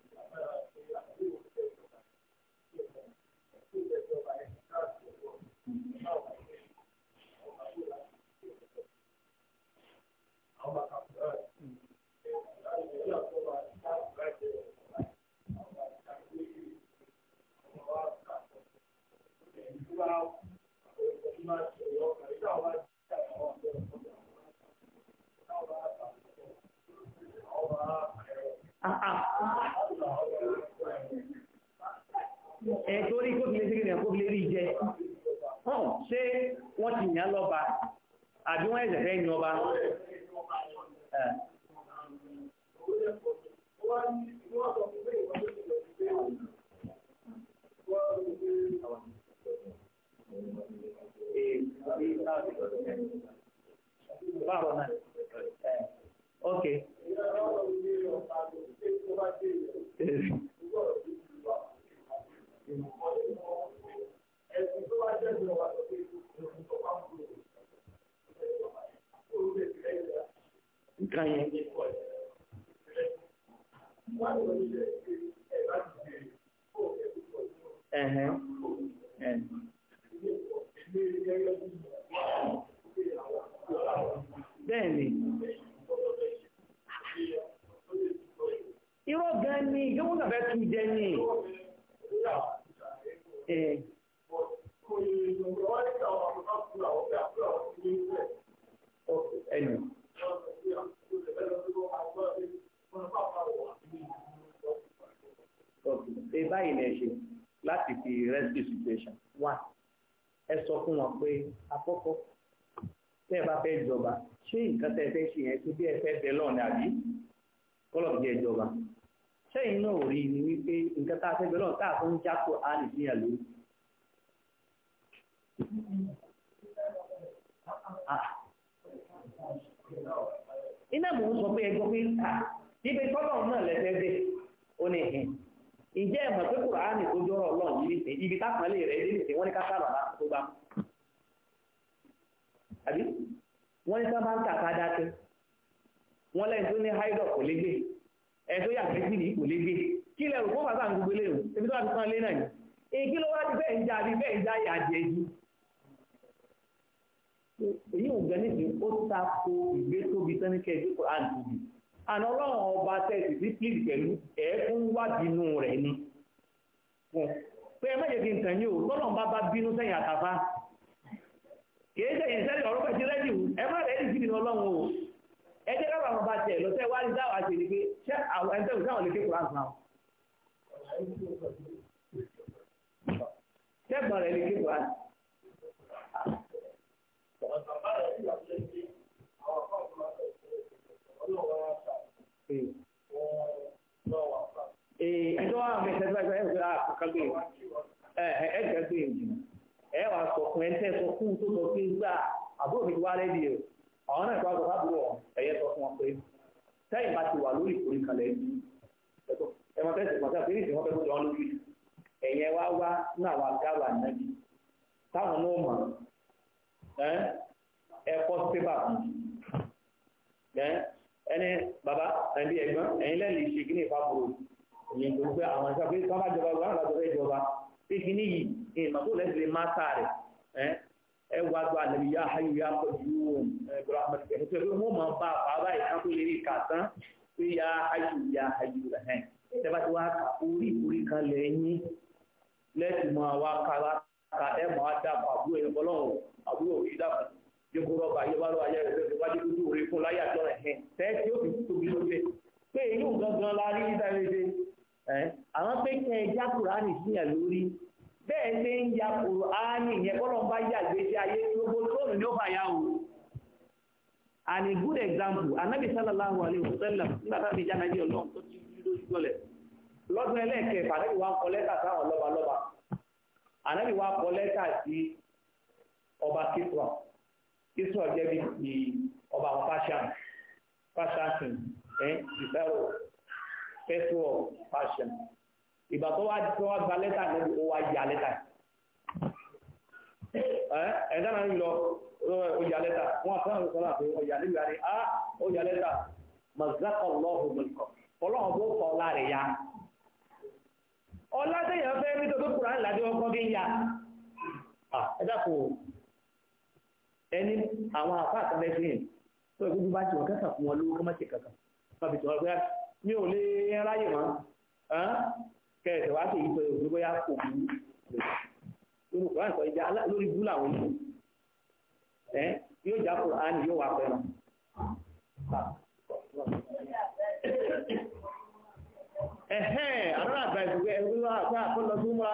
ẹ̀ torí kó fi lè sígìrì ẹ̀kó lè rí jẹ hàn
ṣé wọ́n ti yàn lọ́ba àbí wọ́n ẹ̀sẹ̀ fẹ́ yan ọba
Thank you.
báwo náà ok. nǹkan yẹn. Ẹ̀hẹ̀n. Ẹ̀hẹ̀n bẹ́ẹ̀ni irọ́ gan ni yóò nàbẹ́ tún jẹ ní ẹ̀ ẹnu báyìí lè ṣe láti fi rescue situation one ẹ sọ fún wọn pé àkọ́kọ́ ẹ bá fẹ́ jọba ṣé nǹkan ẹ ṣe yẹn tó bí ẹ fẹ́ bẹ lọ́ọ̀nà àbí bí ẹ jọba sẹ́yìn náà rí ni wípé nǹkan tá a fẹ́ bẹ tá a fún jákò á nì lórí.
Ah. iná mò ń sọ pé ẹ gbọ́ pé
níbi ah, náà lẹ́sẹ̀ dé ó ní hìn. ìjẹ́ ìmọ̀ pé kùránì tó jọ́rọ̀ ọlọ́run yìí nìsín ibi tápọ̀lẹ́ rẹ̀ dé nìsín wọ́n ní ká sábà láti tó bá mú àbí wọ́n ní sábà ń kàkà dákẹ́ wọ́n lẹ́yìn tó ní haidọ̀ kò lé gbé ẹ̀ tó yà méjì ní kò lé gbé kí lẹ́rù fún bàbá mi gbogbo léwu ebi tó wà fi kán náà ni èyí ló wá ti bẹ́ẹ̀ ń já bí bẹ́ẹ̀ ń já yà jẹ́ ju èyí ò gbẹ́ nísìn ó ta ko ìgbé tóbi tẹ́nikẹ́ àná ọba tẹ sí plead pẹ̀lú ẹ̀ẹ́kún wádìí inú rẹ̀ ni fún pé ẹ mẹ́jẹ̀ kí n tàn o tọ́lọ́run bá bá bínú sẹ́yìn àtàfà kìí sẹ́yìn sẹ́yìn ọ̀rọ̀ pẹ̀sí rẹ́dì wù ẹ má rẹ́dì sí o ẹ jẹ́ ọba tẹ̀ wá ní dáwà ṣe ni pé ṣé àwọn ẹni sáwọn lè ké
Ee, àmì ìtẹ́síwájú ẹgbẹ́ àkọ́kọ́gbé ẹgbẹ́gbé
ìjìnà ẹ wà sọ fún ẹntẹ́ sọ fún tó sọ pé gbà àbúrò mi ti wá lẹ́bi o àwọn náà ìpàgọ́ sábúrò ẹ̀yẹ sọ fún wọn ti wà lórí ìkórè kalẹ̀ yìí ẹ máa fẹ́sẹ̀ pàṣẹ pé níṣẹ́ wọn fẹ́ kó ee ẹni bàbá ẹbí ẹ̀gbọ́n ẹ̀yin lẹ́yìn ṣe kí ní ìfàbùrù ìyẹn tó gbé àwọn ìṣàpè sábà jọba gbọ́n àgbàdo fẹ́ jọba pé kí ní yìí kí ìmọ̀kó lẹ́sìn lè má sáà rẹ̀ ẹ́ ẹ wá gbọ́ àlẹ́bí yá ayò yá pọ̀jù ẹgbẹ̀rún àmọ́ ìgbẹ̀rún tó yẹ kó mọ̀ bá bàbá ìkápò lè rí kàtán pé yá ayò yá ayò rẹ̀ ẹ̀ tẹ́bá ti wá kà orí orí kan lẹ́yìn lẹ́sìn mọ́ àwa ká ẹ̀ mọ́ á dà àbúrò ẹ̀ bọ́lọ́run yóò rọ bàyẹ wà lọ ayé rẹ lọ síwájú dúdú rẹ fún láyé àjọ rẹ hẹn tẹẹsì ó fi tóbi lóde pé èyí ò gangan la rí níta rere ẹ àwọn pé kẹ ẹ já kùránì síyàn lórí bẹ́ẹ̀ ṣe ń ya kùránì yẹn kọlọ ń bá yà gbèsè ayé gbogbo tóònù ni ó bá yà o and a good example anabi sallallahu alayhi wa sallam nígbà tá a fi jáde Ọlọ́run tó ti dúró jùlọ lọ́dún ẹlẹ́ẹ̀kẹfà anabi wa kọ lẹ́tà sáwọn lọ́balọ́ba anabi wa kọ lẹ́tà sí ọba kíkọ Israel jẹ́ bí ọba fashion fashion fashion ìgbà tó wá tó wá gba lẹ́tà lẹ́bi ó wá ya lẹ́tà Ẹ ń lọ lẹ́tà wọn àti àwọn ìṣọ́nà àti á ya
ọlá fẹ́ nítorí ọkọ̀ ya
ẹni àwọn àfa àtàlẹ́sìn yẹn tó ìgbójú bá ti wọ́n kẹ́kà fún wọn lówó kọ́mọ́tì kankan bábi tí wọ́n gbé ah, mi ò lè ráyè mọ́ ah, kẹ̀sẹ̀ wá sí èyí tó ìgbójú bóyá kò mú lórí kò láǹkọ̀ ìjà lórí bú làwọn yìí ẹ yóò já kó àánì yóò wà pẹ́ lọ.
ẹ̀hẹ́n àdúrà àgbà ìgbòkè ẹ̀rọ àgbà àkọlọ́sùn
múra.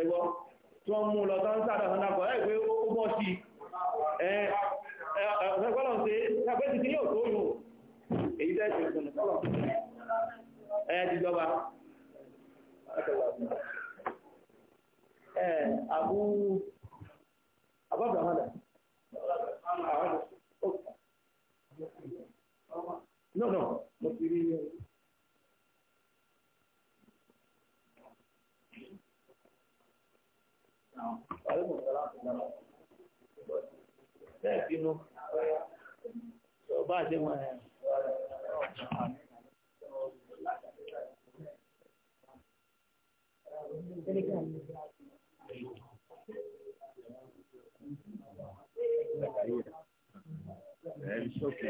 ẹgbọ́ tí wọ́n mú lọ tán sáàdà ọ̀nàkọ̀ ẹ̀ pé ó bọ́ sí ẹgbọ́lọ̀ ṣe ṣàpẹ́ ti ní òtó yùn èyí tẹ́ẹ̀sì ìpinnu kọ́lọ̀ ẹ̀ ti jọba ẹ̀ àbú àbọ̀bà mọ́dà no no mo ti rí bẹ́ẹ̀ bínú ọba àti wọn ẹ̀
It's okay.